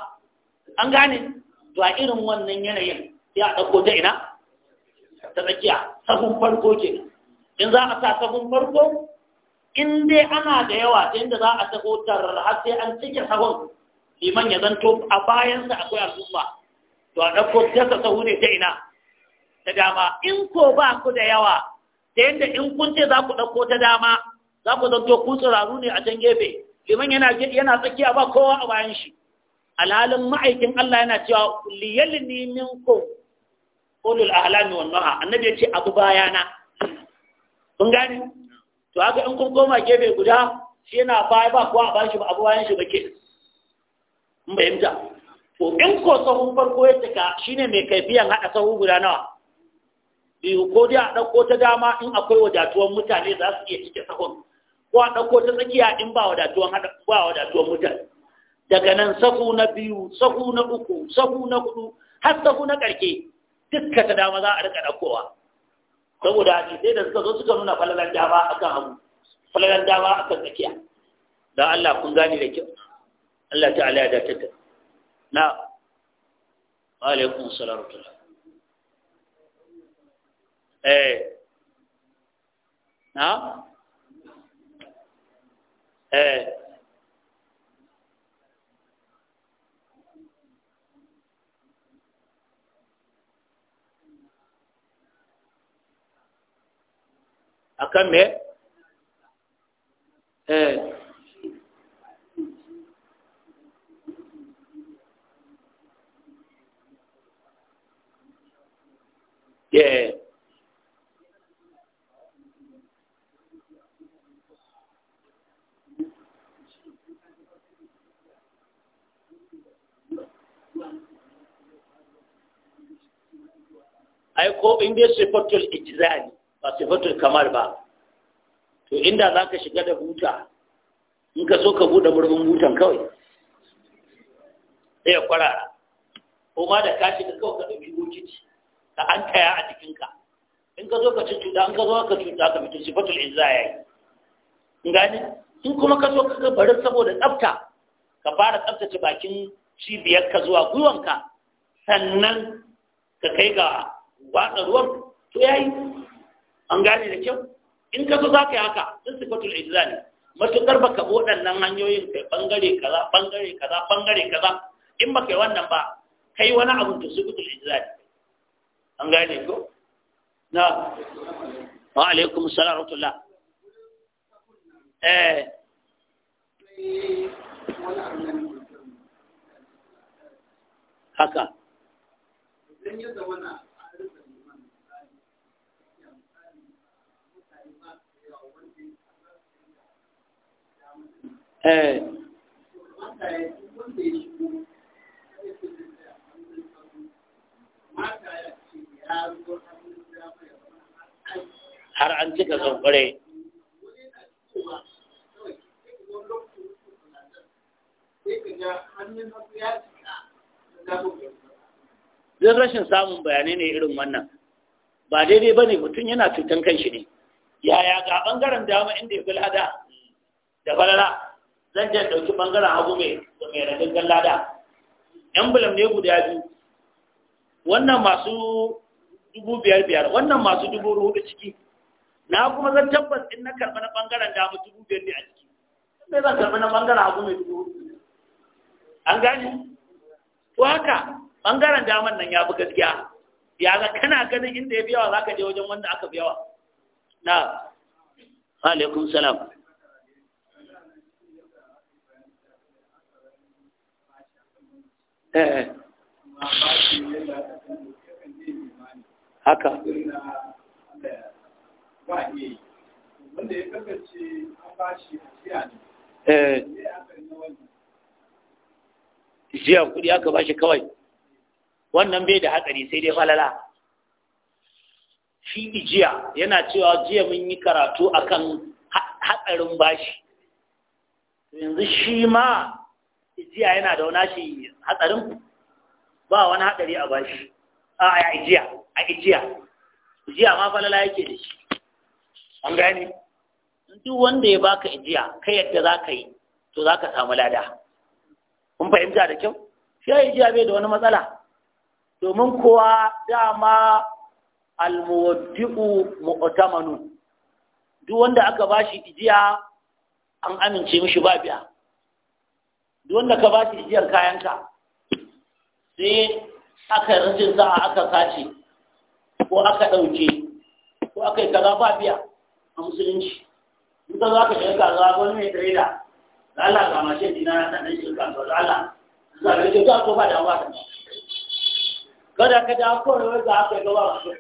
an gane to a irin wannan yanayin sai a ɗauko ta ina ta tsakiya sahun farko ke in za a sa sahun farko in dai ana da yawa ta yadda za a taho tarar har sai an cike sahun liman ya zanto a bayansa akwai al'umma to a ɗauko dasa sahu ne ta ina ta dama in ko ba ku da yawa ta yadda in kun ce za ku ɗauko ta dama za ku zanto ku tsiraru ne a can gefe liman yana yana tsakiya ba kowa a bayan shi alhalin ma'aikin Allah yana cewa liyalni minkum ulul ahlami wa naha annabi ya ce abu bayana kun gani to haka in kun koma gefe guda shi yana bai ba kuwa a bashi ba abu bayan shi ba ke in fahimta to in ko sahu farko ya cika shine mai kaifiyan haɗa sahu guda nawa biyu ko dai a ɗauko ta dama in akwai wadatuwan mutane za su iya cike sahun ko a ɗauko ta tsakiya in ba wadatuwan haɗa ba wadatuwan mutane daga nan sahu na biyu sahu na uku sahu na hudu har sahu na ƙarke dukkan ta dama za a rika ɗaukowa saboda sai da suka zo suka nuna falalar dama a kan hagu falalar dama a kan tsakiya don Allah kun gane da kyau Allah ta'ala ya dace ta na wa alaikum salam eh na eh akan me eh Yeah. ko in dai sifatul ijza ba sifatul kamar ba to inda za ka shiga da buta in ka so ka buɗe murmin butan kawai sai ya kwarara ko ma da ka shiga kawai ka ɗauki bokiti ka an taya a jikinka in ka zo ka ci cuta in ka zo ka cuta ka fito sifatul izza ya yi in gani in kuma ka so ka bari saboda tsafta ka fara tsaftace bakin cibiyarka zuwa gwiwanka sannan ka kai ga watsa ruwan to yi. an gane da kyau in ka so za ka yi haka sun sifatul ijza ne matuƙar ba ka waɗannan hanyoyin kai ɓangare kaza ɓangare kaza ɓangare kaza in ba yi wannan ba kai wani abin to sifatul ijza ne an gane ko na wa alaikum salam rahmatullah eh haka Eh. har an cika samfare Zan rashin samun bayanai ne irin wannan, ba daidai ba ne mutum yana cutan kan shi ne, yaya ga ɓangaren dama inda ya fi lada da falala zan je ɗauki ɓangaren hagu mai mai ragaggen lada bulam ne guda biyu wannan masu dubu biyar biyar wannan masu dubu da ciki na kuma zan tabbas in na karɓi na ɓangaren damu dubu biyar ne a ciki sai zan karɓi na ɓangaren hagu mai dubu an gani to haka ɓangaren daman nan ya fi gaskiya ya ga kana ganin inda ya biyawa za ka je wajen wanda aka biyawa na alaikum salam Eh, eh. haka wanda eh. ya jiya kuɗi aka ba shi kawai wannan bai da hatsari sai dai falala shi jiya yana cewa jiya mun yi karatu akan hatsarin bashi yanzu shi ma ijiya yana da wani shi hatsarin ba wani hatsari a bashi a a ijiya a ijiya ijiya ma falala yake da shi an gani? duk wanda ya baka ijiya kai yadda za ka yi to za ka samu lada kun fahimta da kyau shi ijiya bai da wani matsala domin kowa dama almuwaddi'u mu'tamanu duk wanda aka bashi ijiya an amince mishi ba biya wanda ka ba shi ijiyar kayanka sai aka rashin sa'a aka sace ko aka ɗauke ko aka yi kaza ba biya a musulunci in ka za ka shiga kaza wani mai trader da a ga mashin dina na nan shi kasuwa da Za zaɓe ce ka ko ba da ba kada ka da kowai wai za ka ga ba su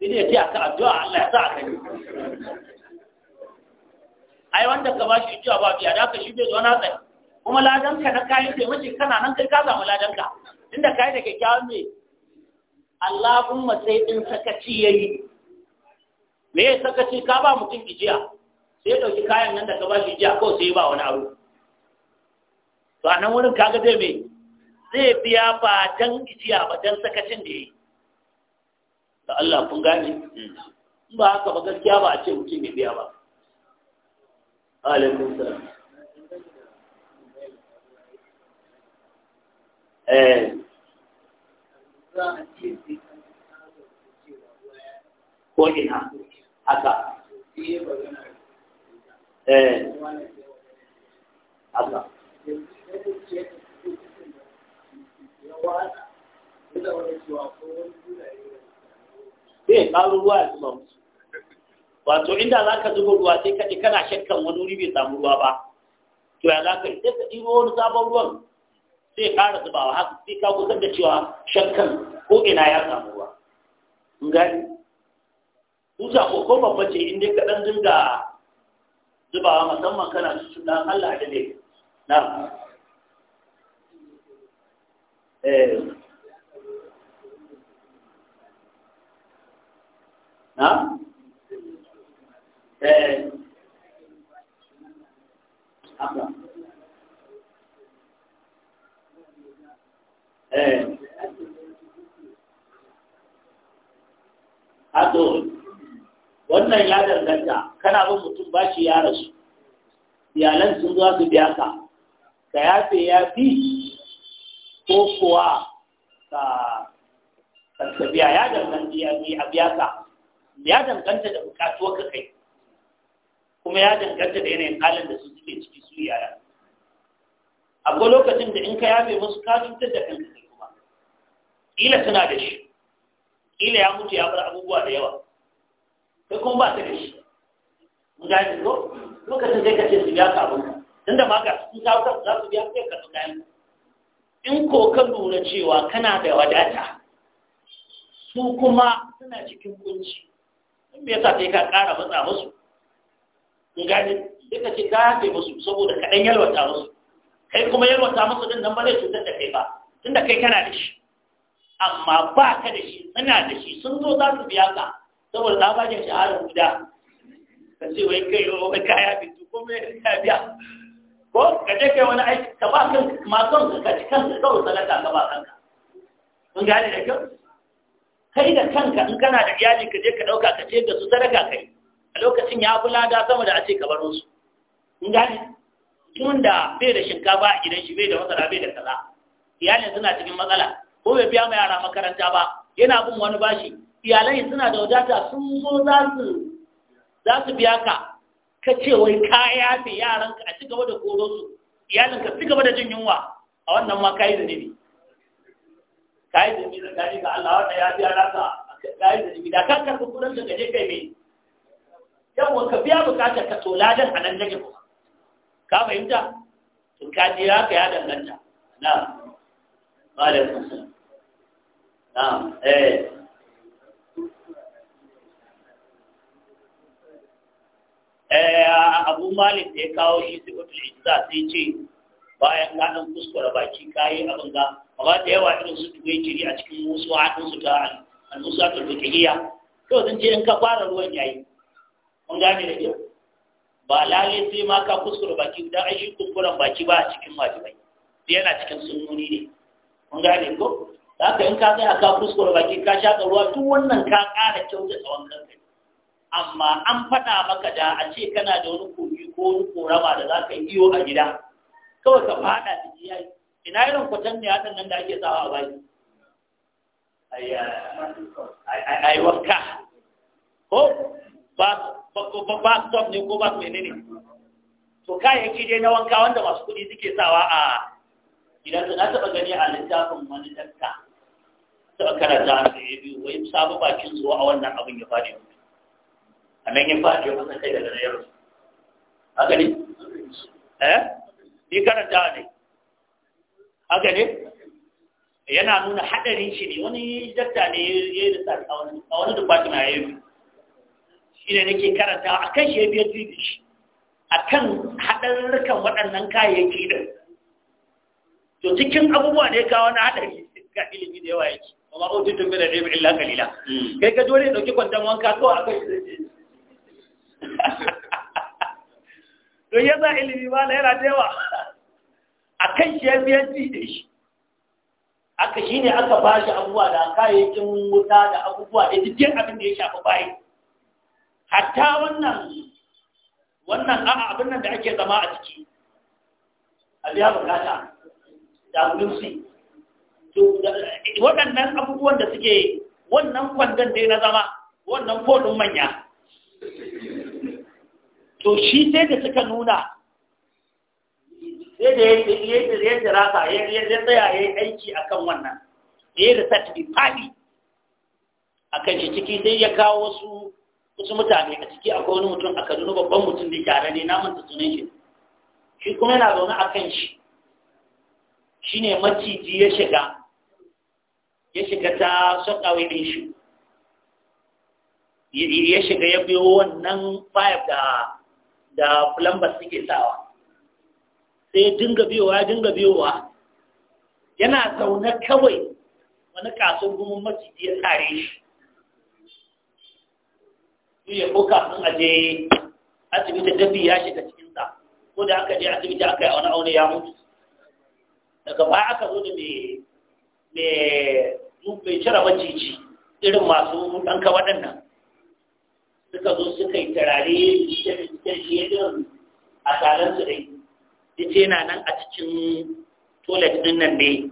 ne ya ce aka addu'a Allah ya sa aka yi ai wanda ka ba shi ijiyar ba biya da ka shi bai zo na tsaye kuma ladanka na kayan mace kana nan kai ka samu ladanka inda kayi da kyakkyawan mai Allahumma sai din sakaci yayi me ya sakaci ka ba mutum ijiya sai ya dauki kayan nan da ka ba shi ijiya ko sai ba wani abu to a nan wurin kaga zai me, zai biya ba dan ijiya ba dan sakacin da yayi to Allah kun gane ba haka ba gaskiya ba a ce mutum ya biya ba alaikum salam ko ina haka eh. eh, haka zai ƙaru ruwa ya zuba musu wato inda za ka zuba ruwa sai kana shakkan wani wuri bai samu ruwa ba to ya za ka ka wani sabon sai ƙara zubawa haka sai ka kusan da cewa shakkan ko ina ya samu ba in gani tuta ko ko babba ce inda dai kaɗan dinga zubawa musamman kana su suna Allah da ne na eh na eh haka Hato, eh. wannan ya danganta, kana bin mutum ba shi ya rasu, iyalan sun zuwa su biya ka, ka yafe ya fi ko kuwa ka biya ya danganta ya biya ka, ya danganta da bukatuwa ka kai, kuma ya danganta da yanayin halin da su suke ciki su iyalan. Akwai lokacin da in ka yafe musu ka da kanka ƙila suna da shi ƙila ya mutu ya bar abubuwa da yawa sai kuma ba ta da shi mun ko lokacin sai ka ce su biya ka abin tun da maka sun kawo su za su biya sai ka kayan in ko ka lura cewa kana da wadata su kuma suna cikin kunci in me yasa sai ka ƙara matsa musu mun sai ka ce ka yafe musu saboda kaɗan yalwata musu kai kuma yalwata musu din nan ba zai cutar da kai ba tunda kai kana da shi amma ba ka da shi suna da shi sun zo za su biya ka saboda ta ba jin shahara guda ka ce wai kai wai kaya bitu ko me ya biya ko ka je kai wani aiki ka ba kan ma kan ka ci ka kawai sadaka ka ba kanka mun gane da kyau kai da kanka in kana da iyali ka je ka dauka ka ce da su sadaka kai a lokacin ya fi lada sama da a ce ka baro su mun gane tun da bai da shinkafa a gidan shi bai da masara bai da kaza iyalin suna cikin matsala ko bai biya ma yara makaranta ba yana bin wani bashi iyalai suna da wadata sun zo za su za su biya ka ka ce wai ka yafe yaranka a cigaba da koro su iyalin ka ci gaba da jin yunwa a wannan ma kai da nibi kai da nibi da kayi ga Allah wannan ya biya nasa kai da nibi da kan karɓi kuran da gaje kai me yawon ka biya bukatar ka to ladan a nan nake kuma ka fahimta tun ka jira ka ya danganta na malam ẹ. Ah, eh. eh, abu malik ya kawo shi sai wata ijza sai ce bayan kaɗan kuskura baki kayi abin ga amma da yawa irin su tuwe jiri a cikin musu haɗin su ta al-musu haɗin to ce in ka fara ruwan yayi mun gane da kyau ba lalle sai ma ka kuskura baki dan ai shi kuskuren baki ba a cikin wajibai sai yana cikin sunnoni ne mun gane ko haka in ka a ka kuskure baki ka shaka ruwa duk wannan ka ƙara kyauta tsawon kanka amma an faɗa maka da a ce kana da wani kogi ko wani korama da za ka yi iyo a gida kawai ka faɗa ciki yayi ina irin kwatan ne haɗin nan da ake sawa a baki ai wanka ko ba stop ne ko ba menene to kayayyaki dai na wanka wanda masu kuɗi suke sawa a gidan na taɓa gani a littafin wani dakta taɓa karanta a sai biyu wai sabu bakin zuwa a wannan abin ya faɗi mutu a nan ya faɗi ya masa kai daga yaro haka ne eh ni karanta ne haka ne yana nuna haɗarin shi ne wani dakta ne ya yi da a wani dubbatin na yau shi ne nake karanta a kan shi ya biya tuyi shi a kan haɗarurrukan waɗannan kayayyaki ɗin to cikin abubuwa ne kawo na haɗari ga ilimi da yawa yake amma otu tun da ɗaya illa kalila hmm. kai ka dole ɗauki kwantan wanka to a kai to ya za ilimi ba na yana da yawa a kan shi ya biya ji da shi aka shi ne aka ba shi abubuwa da kayayyakin wuta da abubuwa da duk abin da ya shafi bayi hatta wannan wannan a'a abin nan da ake zama a ciki a biya bukata da wulusi waɗannan abubuwan da suke wannan kwandon dai na zama wannan kodin manya to shi sai da suka nuna sai da ya jirasa ya tsaya ya yi aiki a kan wannan da ya rasa ta faɗi a kan shi ciki sai ya kawo su wasu mutane a ciki akwai wani mutum a kaduna babban mutum da gyara ne na manta sunan shi shi kuma yana zaune a kan shi shi ne maciji ya shiga ya shiga ta shakawai ɗin shi ya shiga ya biyo wannan pipe da da plumbers suke sawa sai dinga biyowa dinga biyowa yana zaune kawai wani kasun gumin maciji ya tsare shi Su ya ko kafin a je asibiti dafi ya shiga cikinsa ko da aka je asibiti aka yi wani aune ya mutu daga baya aka zo da mai bai cire maciji irin masu ɗanka waɗannan suka zo suka yi tarare da shedin a taron su dai ya ce na nan a cikin toilet ɗin nan ne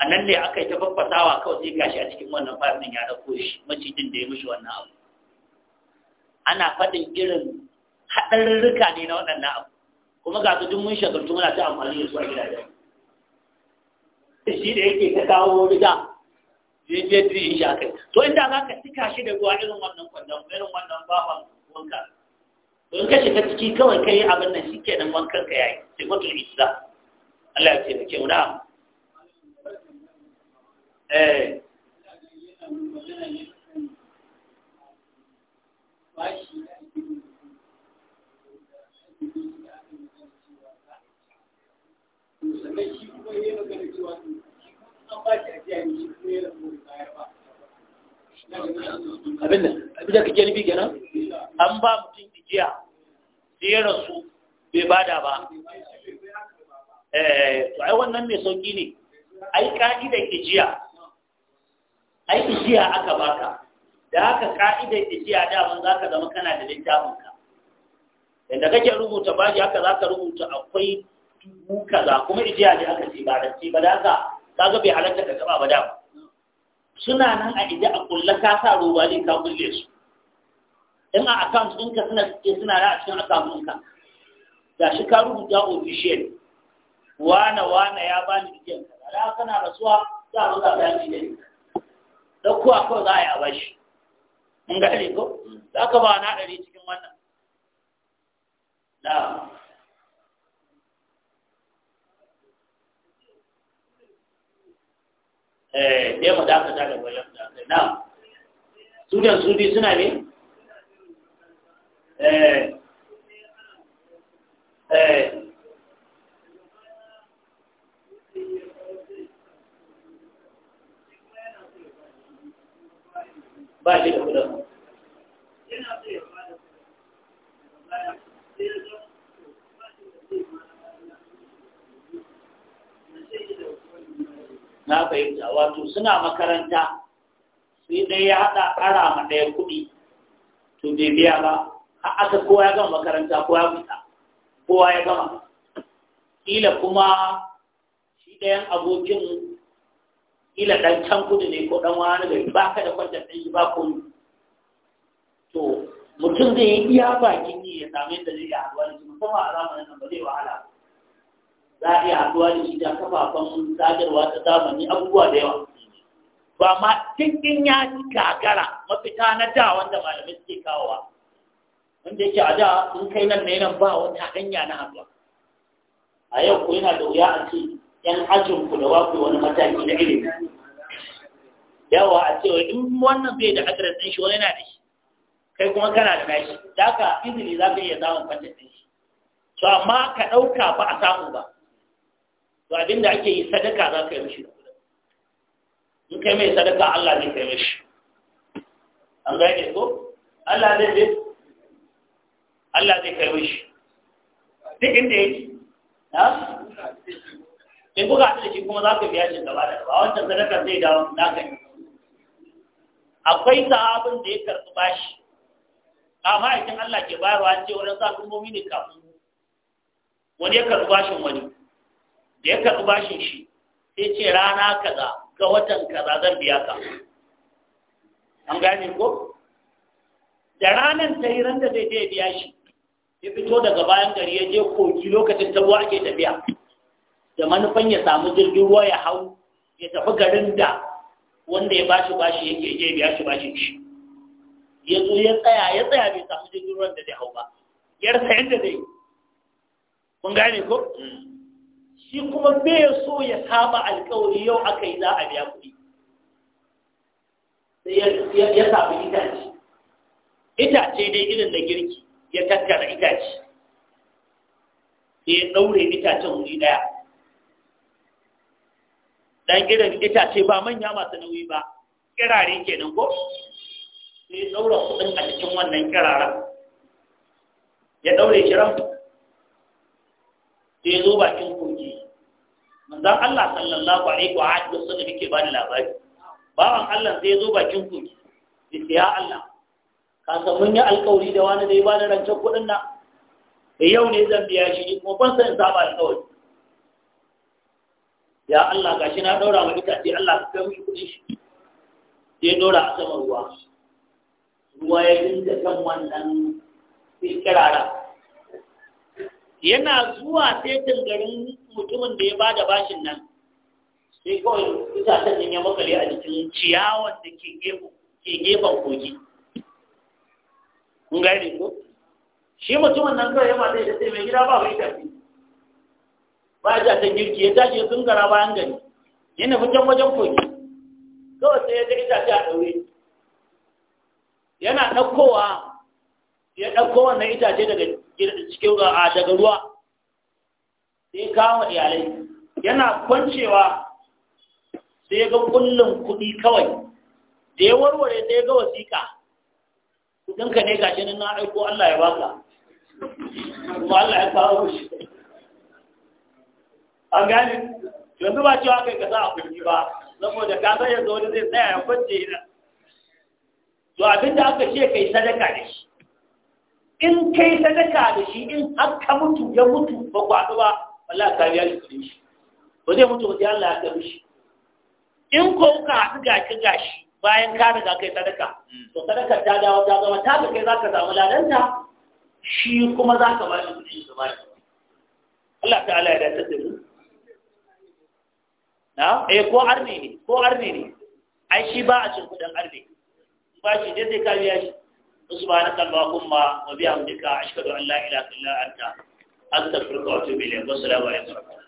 a nan ne aka yi ta faffasawa kawai sai gashi a cikin wannan fasin ya ɗauko shi macijin da ya mishi wannan abu ana faɗin irin haɗarurruka ne na waɗannan abu kuma ga su duk mun shagaltu muna ta amfani da su a gidajen shi da yake ta kawo riga ya je diri shi a kai to inda za ka cika shi da ruwa irin wannan kwandon irin wannan baban wanka don ka shiga ciki kawai kai abin nan shi kenan wankan ka yayi sifatul islam Allah ya taimake mu na'am eh Thank you. Abin da abinda abinda kake nufi kenan an ba mutum ajiya da ya rasu bai bada ba eh, to ai wannan mai sauƙi ne ai ka'idar ijiya ai ijiya aka baka da haka ka'idar ijiya daman ka zama kana da littafin ka yanda kake rubuta bashi haka za ka rubuta akwai mu kaza kuma ijiya ne aka ce ba da ce ba da ka kaga bai halatta ka taba ba da suna nan a ije a kulla ka sa roba ne ka kulle su in a account ɗinka suna cike suna da a cikin account ɗinka ga shi ka rubuta official wana wana ya bani ijiyan ka da kana rasuwa za a rubuta bayan ijiyan ɗauko a kawai za a yi a bashi in ga ko za ka ba na ɗari cikin wannan na'am eh dai mu dakata da bayan da na su da su bi suna ne eh. Eh. ba shi da kudin na fahimta wato suna makaranta sai dai ya haɗa ƙara ma ɗaya kuɗi to bai biya ba har aka kowa ya gama makaranta kowa ya fita kowa ya gama ƙila kuma shi ɗayan abokin ƙila ɗan can kudu ne ko ɗan wani gari ba ka da kwanta ɗin shi ba komi to mutum zai yi iya bakin yi ya same da zai yi haɗuwa da musamman a zamanin nan ba zai wahala ba za a iya haɗuwa da shi ta kafafen sadarwa ta zamani abubuwa da yawa ba ma cikin ya gagara mafita na da wanda malamai suke kawowa wanda yake a da sun kai nan na nan ba wata hanya na haɗuwa a yau ko yana da wuya a ce yan ajin ku da wafi wani mataki na ilimi yawa a ce in wannan bai da adiresin shi wani yana da shi kai kuma kana da nashi da haka izini za ka iya samun kwantar da shi to amma ka ɗauka ba a samu ba to abin da ake yi sadaka za ka yi mishi in kai mai sadaka Allah ne kai mishi an gane ko Allah zai zai Allah zai kai mishi duk inda yake na in kuka haɗu da shi kuma za ka biya shi gaba da ba wancan sadakar zai dawo na kai akwai sahabin da ya karɓi bashi amma idan Allah ke bayarwa ce wurin sa kuma mini kafin wani ya karɓi bashin wani ya karɓi bashin shi sai ce rana kaza ga watan kaza zan biya ka an gane ko da ranar ta yi ran da zai je biya shi ya fito daga bayan gari ya je kogi lokacin ta ruwa ake tafiya da manufan ya samu jirgin ruwa ya hau ya tafi garin da wanda ya bashi bashi yake je biya shi bashin shi ya zo ya tsaya ya tsaya bai samu jirgin ruwan da zai hau ba yar sayan da zai yi. kun gane ko hmm. shi kuma bai so ya saba alkawari yau aka yi za a biya kuɗi ya sami itace itace dai irin da girki ya tattara itace ya ɗaure itacen wuri ɗaya dan irin itace ba manya masu nauyi ba kirare kenan ko sai ya ɗaura kuɗin a cikin wannan ƙiraren? ya ɗaure kiran sai ya zo bakin manzon Allah sallallahu alaihi wa alihi wasallam yake bani labari bawan Allah sai ya zo bakin ku? yace ya Allah ka san mun yi alƙawari da wani da ya bani rancen kuɗin nan da eh, yau ne zan biya shi kuma ban san saba alƙawari ya Allah gashi na daura wa itace Allah ka kai kuɗin shi sai dora a saman ruwa ruwa ya dinga kan wannan sai kirara yana zuwa setin garin mutumin da ya ba da bashin nan sai kawai itacen nan ya makale a jikin ciyawar da ke gefen kogi kun gane ko shi mutumin nan kawai yana zai da sai mai gida ba mai tafi ba ya ta girki ya tashi sun gara bayan gari yana fitan wajen kogi kawai sai ya ga itace a ɗaure yana ɗaukowa ya ɗauko wannan itace daga cikin daga ruwa sai kama iyalai yana kwancewa sai ga kullum kuɗi kawai da ya warware sai ga wasiƙa ka ne gashi nan na aiko Allah ya baka kuma Allah ya kawo shi an gani, yanzu ba cewa kai ka sa a kulki ba saboda ka san yanzu wani zai tsaya ya kwance ina to abin da aka ce kai sadaka da shi in kai sadaka da shi in aka mutu ya mutu ba kwaɗu ba wallahi ka biya shi kuɗin shi ba zai mutu ba sai Allah ya karbi shi in ko ka haɗu ga ka gashi bayan ka riga kai sadaka to sadaka ta dawo ta zama ta kai za ka samu ladanta shi kuma za ka ba shi kuɗin shi ba Allah ta'ala ya dace da mu na eh ko arne ne ko arne ne ai shi ba a cin kuɗin arne ba shi dai zai ka biya shi subhanaka allahumma wa bihamdika ashhadu an la ilaha illa anta astaghfiruka wa atubu ilayk wa assalamu alaykum